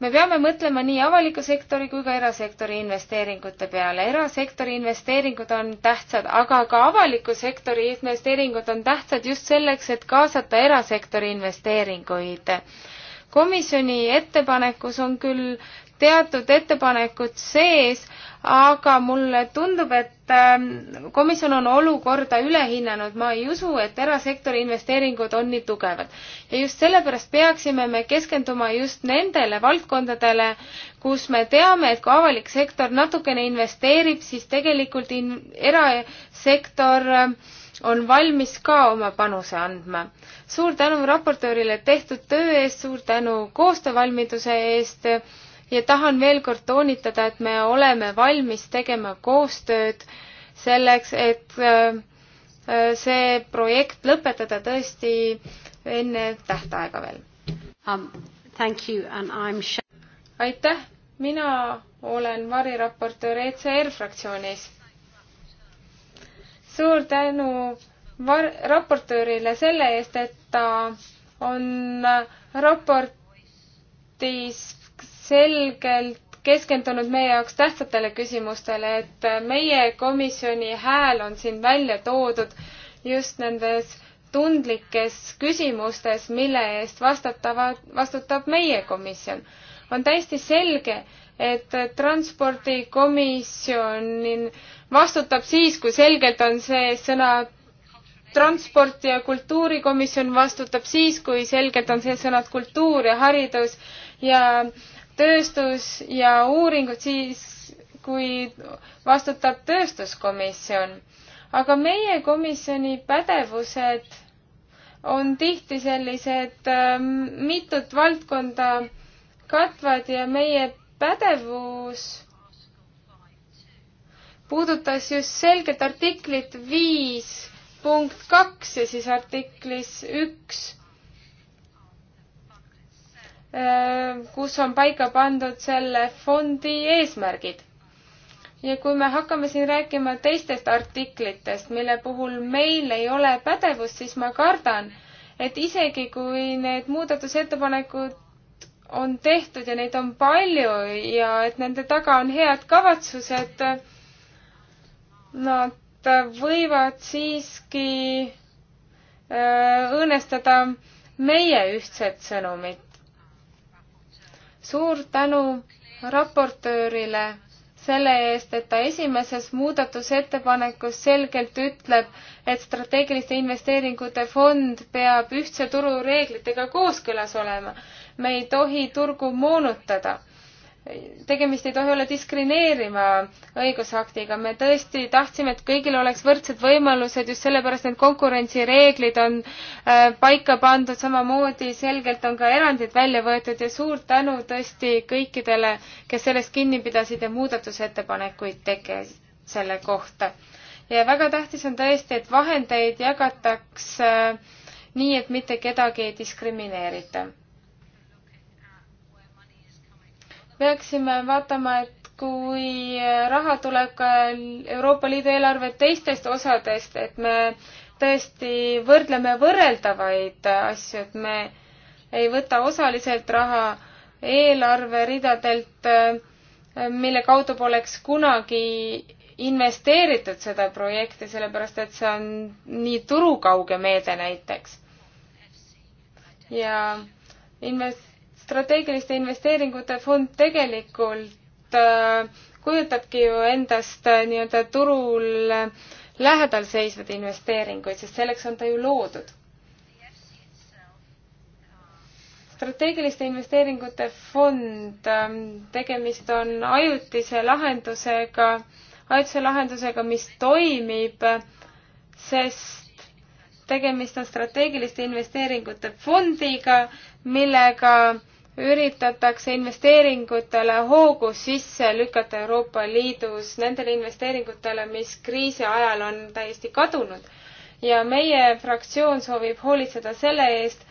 me peame mõtlema nii avaliku sektori kui ka erasektori investeeringute peale. erasektori investeeringud on tähtsad, aga ka avaliku sektori investeeringud on tähtsad just selleks, et kaasata erasektori investeeringuid komisjoni ettepanekus on küll teatud ettepanekud sees, aga mulle tundub, et ähm, komisjon on olukorda üle hinnanud, ma ei usu, et erasektori investeeringud on nii tugevad. ja just sellepärast peaksime me keskenduma just nendele valdkondadele, kus me teame, et kui avalik sektor natukene investeerib, siis tegelikult in-, erasektor ähm, on valmis ka oma panuse andma. suur tänu raportöörile tehtud töö eest, suur tänu koostöövalmiduse eest ja tahan veel kord toonitada, et me oleme valmis tegema koostööd selleks, et äh, see projekt lõpetada tõesti enne tähtaega veel um,. aitäh, mina olen variraportöör ECR fraktsioonis. suur tänu var-, raportöörile selle eest, et ta on raportis selgelt keskendunud meie jaoks tähtsatele küsimustele, et meie komisjoni hääl on siin välja toodud just nendes tundlikes küsimustes, mille eest vastutavad, vastutab meie komisjon. on täiesti selge, et transpordikomisjon vastutab siis, kui selgelt on sees sõna transport ja kultuurikomisjon vastutab siis, kui selgelt on sees sõnad kultuur ja haridus ja tööstus ja uuringud siis, kui vastutab tööstuskomisjon. aga meie komisjoni pädevused on tihti sellised ähm, mitut valdkonda katvad ja meie pädevus puudutas just selgelt artiklit viis punkt kaks ja siis artiklis üks, äh, kus on paika pandud selle fondi eesmärgid. ja kui me hakkame siin rääkima teistest artiklitest, mille puhul meil ei ole pädevust, siis ma kardan, et isegi kui need muudatusettepanekud on tehtud ja neid on palju ja et nende taga on head kavatsused, nad võivad siiski äh, õõnestada meie ühtset sõnumit. suur tänu raportöörile selle eest, et ta esimeses muudatusettepanekus selgelt ütleb, et strateegiliste investeeringute fond peab ühtse turu reeglitega kooskõlas olema. me ei tohi turgu moonutada tegemist ei tohi olla diskrimineeriva õigusaktiga. me tõesti tahtsime, et kõigil oleks võrdsed võimalused just sellepärast, et konkurentsireeglid on äh, paika pandud, samamoodi selgelt on ka erandid välja võetud ja suur tänu tõesti kõikidele, kes sellest kinni pidasid ja muudatusettepanekuid tegi selle kohta. ja väga tähtis on tõesti, et vahendeid jagataks äh, nii, et mitte kedagi ei diskrimineerita peaksime vaatama, et kui raha tuleb ka Euroopa Liidu eelarve teistest osadest, et me tõesti võrdleme võrreldavaid asju, et me ei võta osaliselt raha eelarveridadelt, mille kaudu poleks kunagi investeeritud seda projekti, sellepärast et see on nii turukauge meede näiteks. ja invest-, strateegiliste investeeringute fond tegelikult äh, kujutabki ju endast äh, nii-öelda turul äh, lähedal seisvaid investeeringuid, sest selleks on ta ju loodud. strateegiliste investeeringute fond, ähm, tegemist on ajutise lahendusega, ajutise lahendusega, mis toimib, sest tegemist on strateegiliste investeeringute fondiga, millega üritatakse investeeringutele hoogu sisse lükata Euroopa Liidus, nendele investeeringutele, mis kriisi ajal on täiesti kadunud. ja meie fraktsioon soovib hoolitseda selle eest,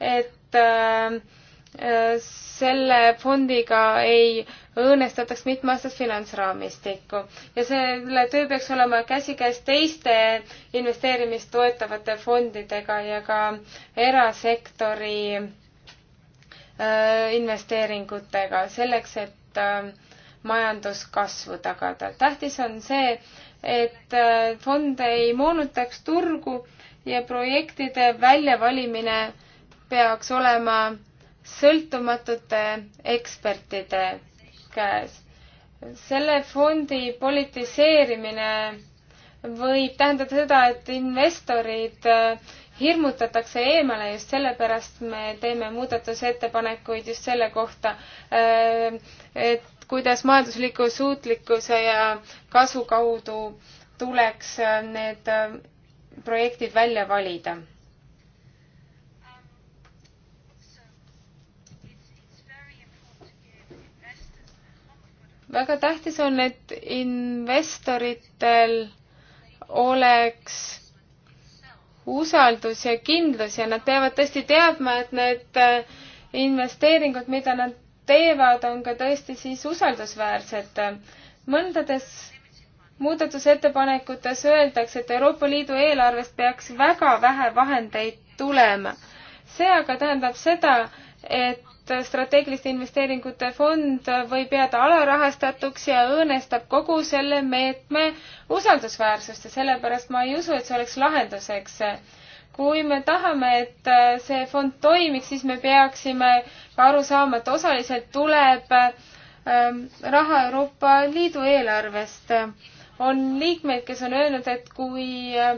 et äh, äh selle fondiga ei õõnestataks mitmeaastast finantsraamistikku ja selle töö peaks olema käsikäes teiste investeerimist toetavate fondidega ja ka erasektori Äh, investeeringutega selleks, et äh, majanduskasvu tagada. tähtis on see, et äh, fond ei moonutaks turgu ja projektide väljavalimine peaks olema sõltumatute ekspertide käes. selle fondi politiseerimine võib tähendada seda, et investorid hirmutatakse eemale, just sellepärast me teeme muudatusettepanekuid just selle kohta, äh, et kuidas majandusliku suutlikkuse ja kasu kaudu tuleks äh, need äh, projektid välja valida väga tähtis on, et investoritel oleks usaldus ja kindlus ja nad peavad tõesti teadma, et need äh, investeeringud, mida nad teevad, on ka tõesti siis usaldusväärsed. mõndades muudatusettepanekutes öeldakse, et Euroopa Liidu eelarvest peaks väga vähe vahendeid tulema. see aga tähendab seda, et et strateegiliste investeeringute fond võib jääda alarahastatuks ja õõnestab kogu selle meetme usaldusväärsust ja sellepärast ma ei usu, et see oleks lahenduseks. kui me tahame, et see fond toimiks, siis me peaksime ka aru saama, et osaliselt tuleb ähm, raha Euroopa Liidu eelarvest. on liikmeid, kes on öelnud, et kui äh,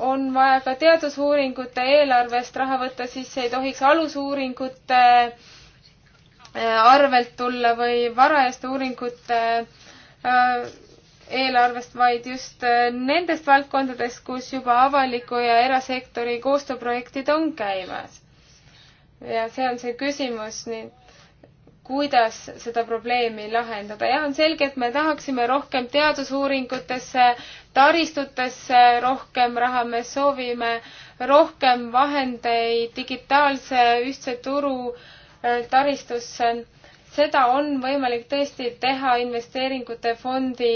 on vaja ka teadusuuringute eelarvest raha võtta, siis ei tohiks alusuuringute äh, arvelt tulla või varajaste uuringute äh, eelarvest, vaid just äh, nendest valdkondadest, kus juba avaliku ja erasektori koostööprojektid on käimas. ja see on see küsimus nüüd, kuidas seda probleemi lahendada. jah, on selge, et me tahaksime rohkem teadusuuringutesse taristutesse rohkem raha, me soovime rohkem vahendeid digitaalse ühtse turu äh, taristusse. seda on võimalik tõesti teha investeeringute fondi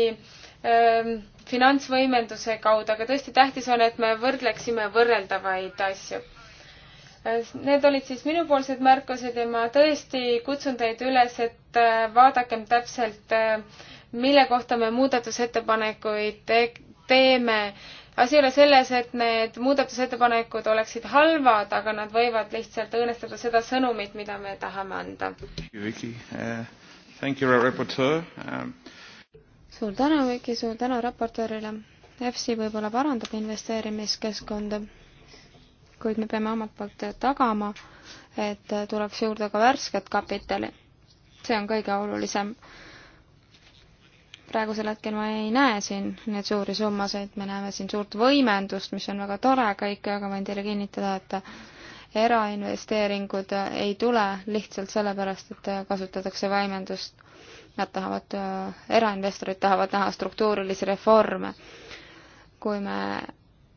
ähm, finantsvõimenduse kaudu, aga tõesti tähtis on, et me võrdleksime võrreldavaid asju. Äh, need olid siis minupoolsed märkused ja ma tõesti kutsun teid üles, et äh, vaadakem täpselt, mille kohta me muudatusettepanekuid teeme. asi ei ole selles, et need muudatusettepanekud oleksid halvad, aga nad võivad lihtsalt õõnestada seda sõnumit, mida me tahame anda. Eh, um, suur tänu, Viki, suur tänu raportöörile. EFSI võib-olla parandab investeerimiskeskkonda, kuid me peame omalt poolt tagama, et tuleks juurde ka värsket kapitali. see on kõige olulisem praegusel hetkel ma ei näe siin neid suuri summasid, me näeme siin suurt võimendust, mis on väga tore kõik, aga võin teile kinnitada, et erainvesteeringud ei tule lihtsalt sellepärast, et kasutatakse võimendust. Nad tahavad, erainvestorid tahavad näha struktuurilisi reforme. kui me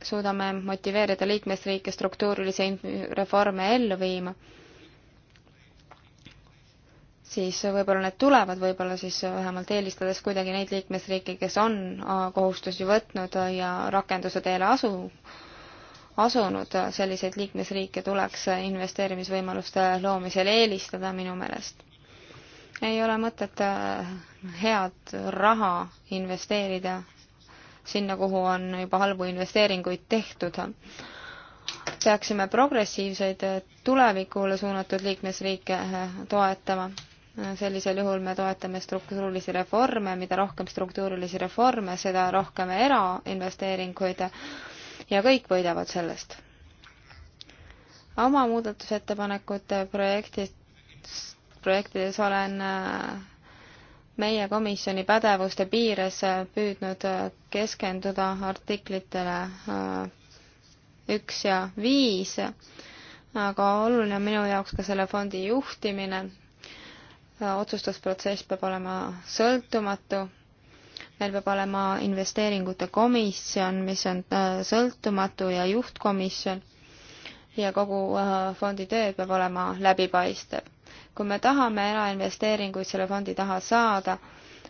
suudame motiveerida liikmesriike struktuurilisi reforme ellu viima siis võib-olla need tulevad, võib-olla siis vähemalt eelistades kuidagi neid liikmesriike, kes on äh, kohustusi võtnud ja rakenduse teele asu, asunud, selliseid liikmesriike tuleks investeerimisvõimaluste loomisel eelistada minu meelest. ei ole mõtet äh, head raha investeerida sinna, kuhu on juba halbu investeeringuid tehtud peaksime progressiivseid äh, tulevikule suunatud liikmesriike toetama sellisel juhul me toetame struktuurilisi reforme, mida rohkem struktuurilisi reforme, seda rohkem erainvesteeringuid ja kõik võidavad sellest. oma muudatusettepanekute projektis, projektides olen äh, meie komisjoni pädevuste piires äh, püüdnud äh, keskenduda artiklitele üks ja viis, aga oluline on minu jaoks ka selle fondi juhtimine otsustusprotsess peab olema sõltumatu, meil peab olema investeeringute komisjon, mis on äh, sõltumatu ja juhtkomisjon ja kogu äh, fondi töö peab olema läbipaistev. kui me tahame erainvesteeringuid selle fondi taha saada,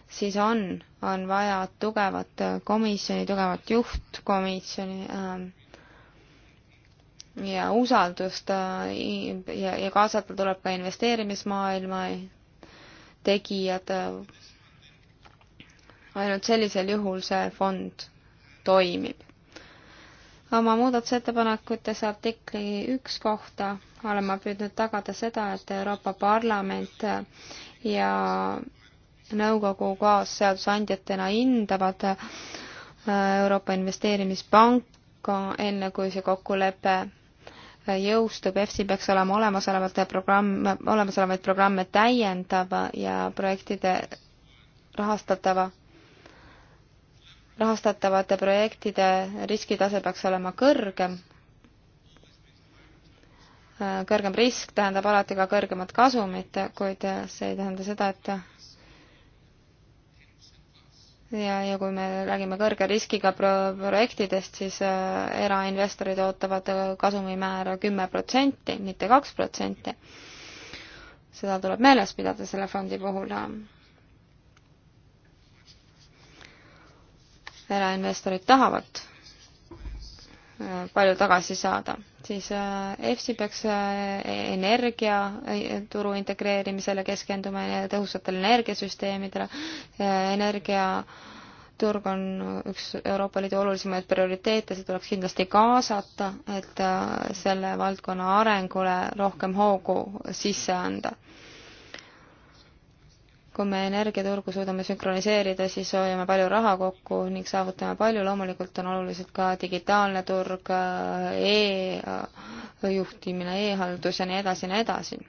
siis on, on vaja tugevat äh, komisjoni, tugevat juhtkomisjoni ähm, ja usaldust ja, ja kaasata tuleb ka investeerimismaailma tegijad. Äh, ainult sellisel juhul see fond toimib. oma muudatusettepanekutes artikli üks kohta olen ma püüdnud tagada seda, et Euroopa Parlament ja nõukogu kaasseadusandjatena hindavad äh, Euroopa Investeerimispanka, enne kui see kokkulepe jõustub, EFSI peaks olema olemasolevate programm, olemasolevaid programme täiendava ja projektide rahastatava, rahastatavate projektide riskitase peaks olema kõrgem. kõrgem risk tähendab alati ka kõrgemat kasumit, kuid see ei tähenda seda, et ja, ja kui me räägime kõrge riskiga pro-, projektidest, siis äh, erainvestorid ootavad äh, kasumimäära kümme protsenti, mitte kaks protsenti. seda tuleb meeles pidada selle fondi puhul. erainvestorid tahavad palju tagasi saada. siis äh, EFSI peaks äh, energiaturu äh, integreerimisele keskenduma ja tõhusatele energiasüsteemidele, energiaturg on üks Euroopa Liidu olulisemaid prioriteete, see tuleks kindlasti kaasata, et selle valdkonna arengule rohkem hoogu sisse anda kui me energiaturgu suudame sünkroniseerida, siis hoiame palju raha kokku ning saavutame palju, loomulikult on oluliselt ka digitaalne turg e, e-juhtimine e, e-haldus ja nii edasi ja nii edasi.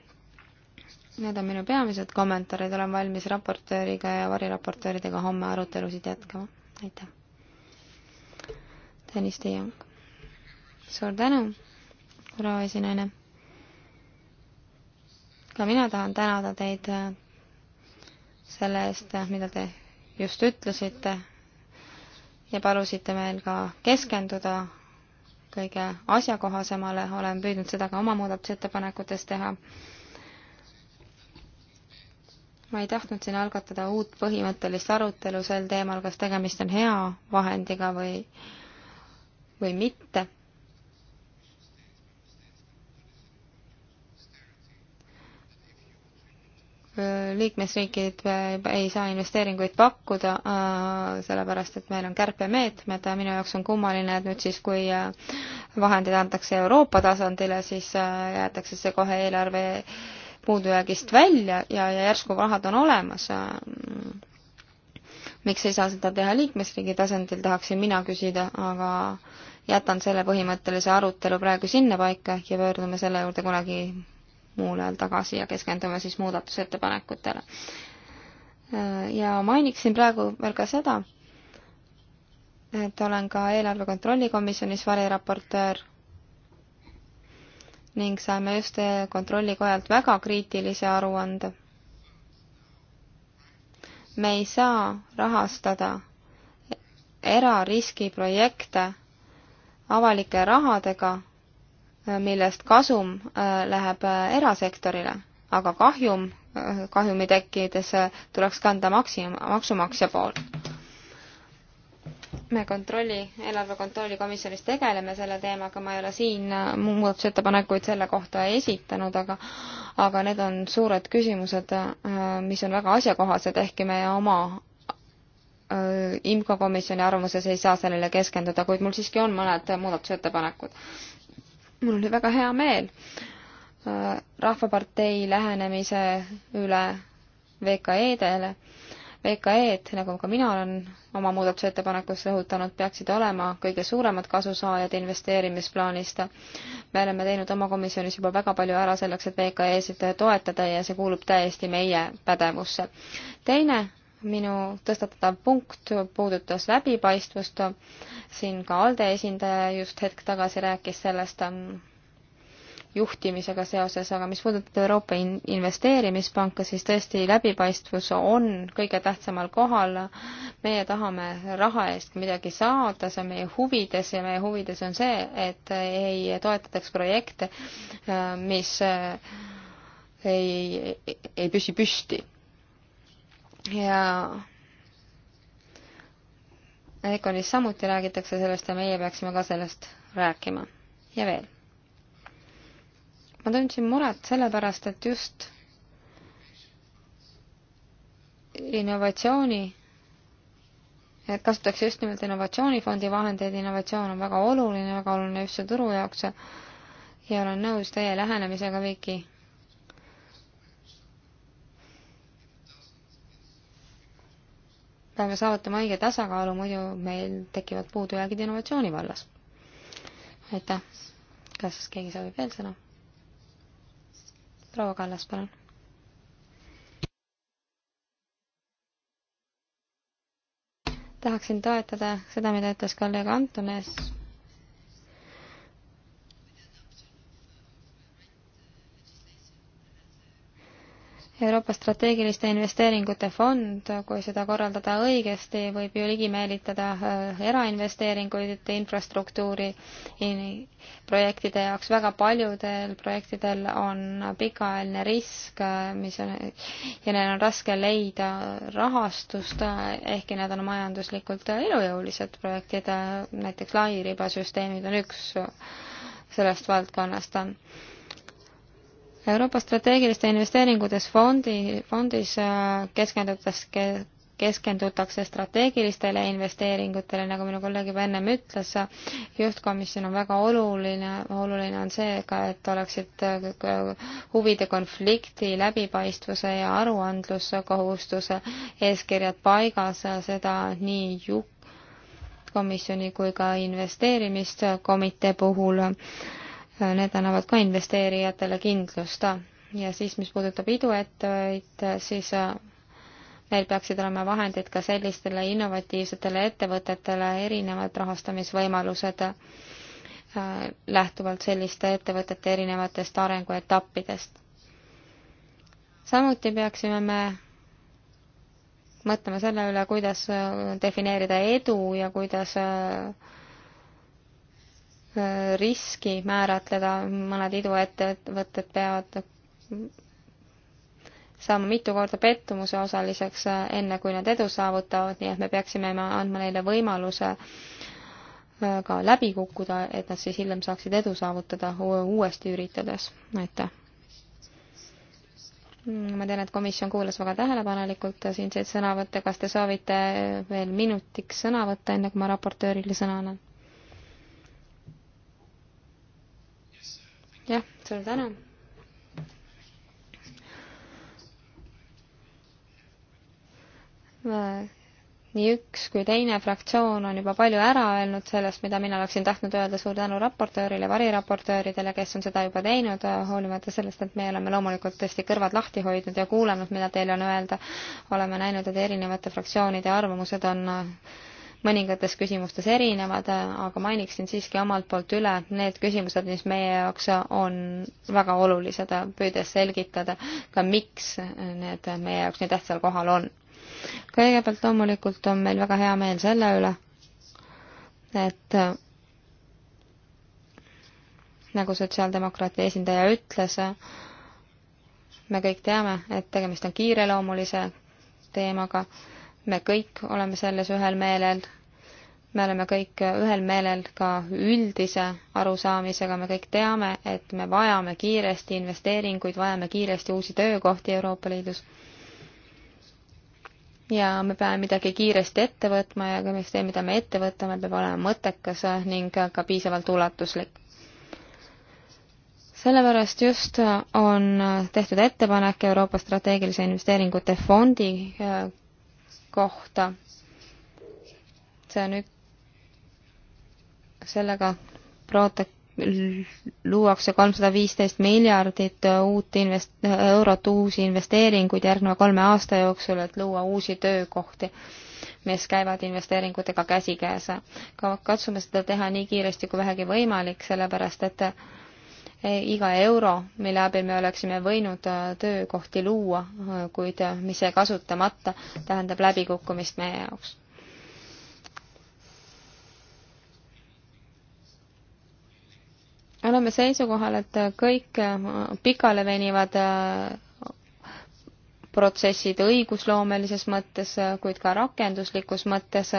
Need on minu peamised kommentaarid, olen valmis raportööriga ja variraportööridega homme arutelusid jätkama, aitäh. Tõnis Tiiang. suur tänu, proua esinaine. ka mina tahan tänada teid selle eest, mida te just ütlesite ja palusite meil ka keskenduda kõige asjakohasemale, olen püüdnud seda ka oma muudatusettepanekutes teha. ma ei tahtnud siin algatada uut põhimõttelist arutelu sel teemal, kas tegemist on hea vahendiga või, või mitte liikmesriigid äh, ei saa investeeringuid pakkuda, äh, sellepärast et meil on kärpemeetmed, minu jaoks on kummaline, et nüüd siis, kui äh, vahendid antakse Euroopa tasandile, siis jäetakse see kohe eelarve puudujäägist välja ja, ja järsku rahad on olemas. miks ei saa seda teha liikmesriigi tasandil, tahaksin mina küsida, aga jätan selle põhimõttelise arutelu praegu sinnapaika ja pöördume selle juurde kunagi muul ajal tagasi ja keskendume siis muudatusettepanekutele. ja mainiksin praegu veel ka seda, et olen ka eelarve kontrolli komisjonis variraportöör ning saime just kontrollikojalt väga kriitilise aruande. me ei saa rahastada erariskiprojekte avalike rahadega Äh, millest kasum äh, läheb äh, erasektorile, aga kahjum, kahjumi tekkides tuleks kanda maksi-, maksumaksja poolt. me kontrolli, eelarve kontrolli komisjonis tegeleme selle teemaga, ma ei ole siin muudatusettepanekuid selle kohta esitanud, aga aga need on suured küsimused, mis on väga asjakohased, ehkki me oma IMCO komisjoni arvamuses ei saa sellele keskenduda, kuid mul siiski on mõned muudatusettepanekud mul oli väga hea meel äh, Rahvapartei lähenemise üle VKE-dele. VKE-d, nagu ka mina olen oma muudatusettepanekus rõhutanud, peaksid olema kõige suuremad kasusaajad investeerimisplaanist. me oleme teinud oma komisjonis juba väga palju ära selleks, et VKE-sid toetada ja see kuulub täiesti meie pädevusse. teine minu tõstatatav punkt puudutas läbipaistvust. siin ka ALDE esindaja just hetk tagasi rääkis sellest ähm, juhtimisega seoses, aga mis puudutab Euroopa Investeerimispanka, siis tõesti läbipaistvus on kõige tähtsamal kohal. meie tahame raha eest midagi saada, see on meie huvides ja meie huvides on see, et ei toetataks projekte, äh, mis äh, ei, ei püsi püsti ja Econis samuti räägitakse sellest ja meie peaksime ka sellest rääkima. ja veel. ma tundsin muret sellepärast, et just innovatsiooni, et kasutatakse just nimelt innovatsioonifondi vahendeid, innovatsioon on väga oluline, väga oluline ühtse turu jaoks ja olen nõus teie lähenemisega, Viki peame saavutama õige tasakaalu, muidu meil tekivad puudujäägid innovatsiooni vallas. aitäh. kas keegi soovib veel sõna? proua Kallas, palun. tahaksin toetada seda, mida ütles kolleeg Antones Euroopa strateegiliste investeeringute fond, kui seda korraldada õigesti, võib ju ligi meelitada äh, erainvesteeringuid infrastruktuuri projektide jaoks. väga paljudel projektidel on pikaajaline risk, äh, mis on, ja neil on raske leida rahastust, äh, ehkki nad on majanduslikult elujõulised projektid, näiteks lairibasüsteemid on üks sellest valdkonnast Euroopa strateegiliste investeeringutes fondi, fondis äh, keskendutakse, keskendutakse strateegilistele investeeringutele, nagu minu kolleeg juba ennem ütles, juhtkomisjon on väga oluline, oluline on see ka, et oleksid äh, huvide konflikti, läbipaistvuse ja aruandluskohustuse eeskirjad paigas, seda nii juhtkomisjoni kui ka investeerimiskomitee puhul need annavad ka investeerijatele kindlust. ja siis, mis puudutab iduettevõtteid, siis meil äh, peaksid olema vahendid ka sellistele innovatiivsetele ettevõtetele, erinevad rahastamisvõimalused äh, lähtuvalt selliste ettevõtete erinevatest arenguetappidest. samuti peaksime me mõtlema selle üle, kuidas äh, defineerida edu ja kuidas äh, Äh, riski määratleda, mõned iduettevõtted peavad saama mitu korda pettumuse osaliseks, äh, enne kui nad edu saavutavad, nii et me peaksime andma neile võimaluse äh, ka läbi kukkuda, et nad siis hiljem saaksid edu saavutada uuesti üritades. aitäh! Mm, ma tean, et komisjon kuulas väga tähelepanelikult siinseid sõnavõtte, kas te soovite veel minutiks sõna võtta, enne kui ma raportöörile sõna annan? jah, suur tänu. nii üks kui teine fraktsioon on juba palju ära öelnud sellest, mida mina oleksin tahtnud öelda, suur tänu raportöörile, variraportööridele, kes on seda juba teinud, hoolimata sellest, et me oleme loomulikult tõesti kõrvad lahti hoidnud ja kuulanud, mida teil on öelda. oleme näinud, et erinevate fraktsioonide arvamused on mõningates küsimustes erinevad, aga mainiksin siiski omalt poolt üle need küsimused, mis meie jaoks on väga olulised, püüdes selgitada ka, miks need meie jaoks nii tähtsal kohal on. kõigepealt loomulikult on meil väga hea meel selle üle, et nagu sotsiaaldemokraatia esindaja ütles, me kõik teame, et tegemist on kiireloomulise teemaga me kõik oleme selles ühel meelel, me oleme kõik ühel meelel ka üldise arusaamisega, me kõik teame, et me vajame kiiresti investeeringuid, vajame kiiresti uusi töökohti Euroopa Liidus. ja me peame midagi kiiresti ette võtma ja kõik see, mida me ette võtame, peab olema mõttekas ning ka piisavalt ulatuslik sellepärast just on tehtud ettepanek Euroopa strateegilise investeeringute fondi kohta. see on ük-, sellega proote-, luuakse kolmsada viisteist miljardit uut invest-, eurot uusi investeeringuid järgneva kolme aasta jooksul, et luua uusi töökohti, mis käivad investeeringutega käsikäes. katsume seda teha nii kiiresti kui vähegi võimalik, sellepärast et äh, iga euro, mille abil me oleksime võinud äh, töökohti luua, äh, kuid äh, mis jäi kasutamata, tähendab läbikukkumist meie jaoks. oleme seisukohal, et kõik pikalevenivad protsessid õigusloomelises mõttes, kuid ka rakenduslikus mõttes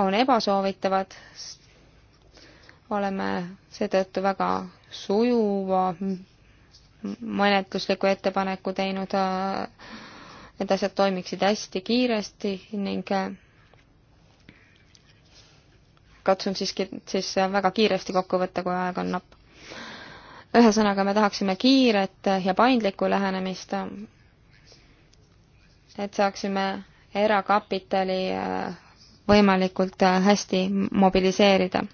on ebasoovitavad, oleme seetõttu väga sujuva menetlusliku ettepaneku teinud, et asjad toimiksid hästi kiiresti ning äh, katsun siiski siis väga kiiresti kokku võtta, kui aeg on napp. ühesõnaga, me tahaksime kiiret ja paindlikku lähenemist, et saaksime erakapitali äh, võimalikult äh, hästi mobiliseerida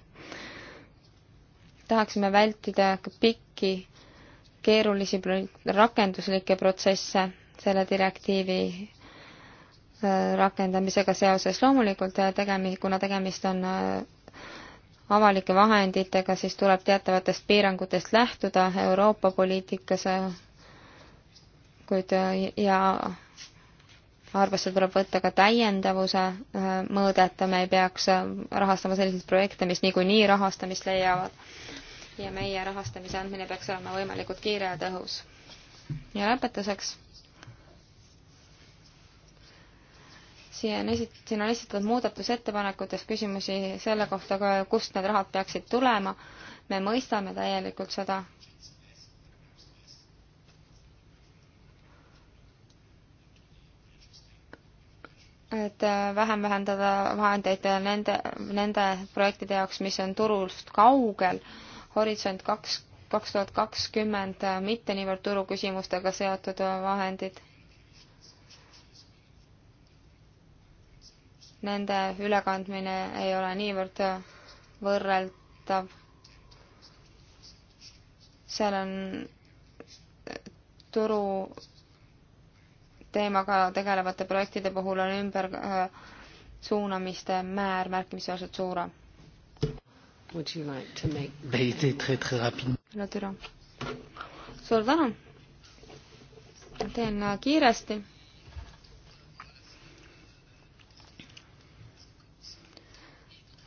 tahaksime vältida pikki keerulisi rakenduslikke protsesse selle direktiivi äh, rakendamisega seoses. loomulikult äh, tegemi-, kuna tegemist on äh, avalike vahenditega, siis tuleb teatavatest piirangutest lähtuda Euroopa poliitikas, kuid ja arvesse tuleb võtta ka täiendavuse äh, mõõdet, me ei peaks äh, rahastama selliseid projekte, mis niikuinii rahastamist leiavad. ja meie rahastamise andmine peaks olema võimalikult kiire ja tõhus. ja lõpetuseks. siia on esit-, siin on esitatud muudatusettepanekutes küsimusi selle kohta ka, kust need rahad peaksid tulema. me mõistame täielikult seda et äh, vähem vähendada vahendeid nende, nende projektide jaoks, mis on turust kaugel, Horisont kaks, kaks tuhat kakskümmend, äh, mitte niivõrd turuküsimustega seotud äh, vahendid. Nende ülekandmine ei ole niivõrd võrreldav. seal on turu teemaga tegelevate projektide puhul on ümber äh, suunamiste määr märkimisväärselt suurem. no türa. suur tänu. teen äh, kiiresti.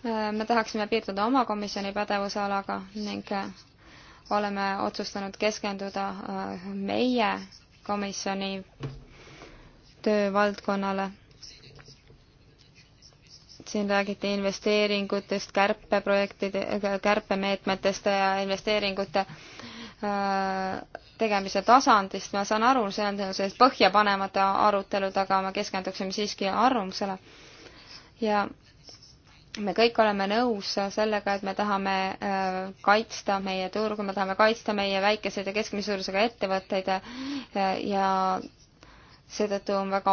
Äh, me tahaksime piirduda oma komisjoni pädevusalaga ning oleme otsustanud keskenduda meie komisjoni töövaldkonnale. siin räägiti investeeringutest, kärpeprojektide, kärpemeetmetest ja investeeringute äh, tegemise tasandist, ma saan aru, see on sellised põhjapanevad arutelud, aga me keskenduksime siiski arvamusele. ja me kõik oleme nõus sellega, et me tahame äh, kaitsta meie turgu, me tahame kaitsta meie väikeseid ja keskmise suurusega ettevõtteid äh, ja, ja seetõttu on väga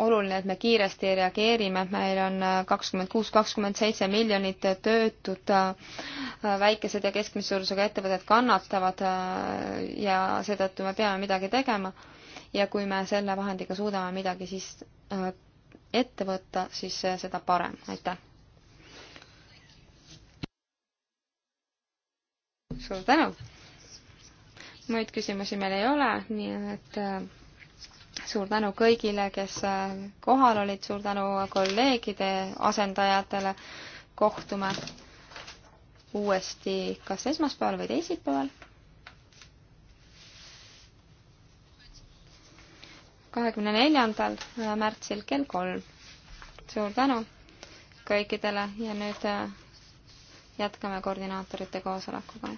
oluline, et me kiiresti reageerime, meil on äh, kakskümmend kuus, kakskümmend seitse miljonit töötut, äh, äh, väikesed ja keskmise suurusega ettevõtted kannatavad ja seetõttu me peame midagi tegema. ja kui me selle vahendiga suudame midagi siis ette võtta, siis seda parem, aitäh. suur tänu! muid küsimusi meil ei ole, nii et suur tänu kõigile, kes äh, kohal olid, suur tänu kolleegide asendajatele, kohtume uuesti kas esmaspäeval või teisipäeval. kahekümne neljandal äh, märtsil kell kolm. suur tänu kõikidele ja nüüd äh, jätkame koordinaatorite koosolekuga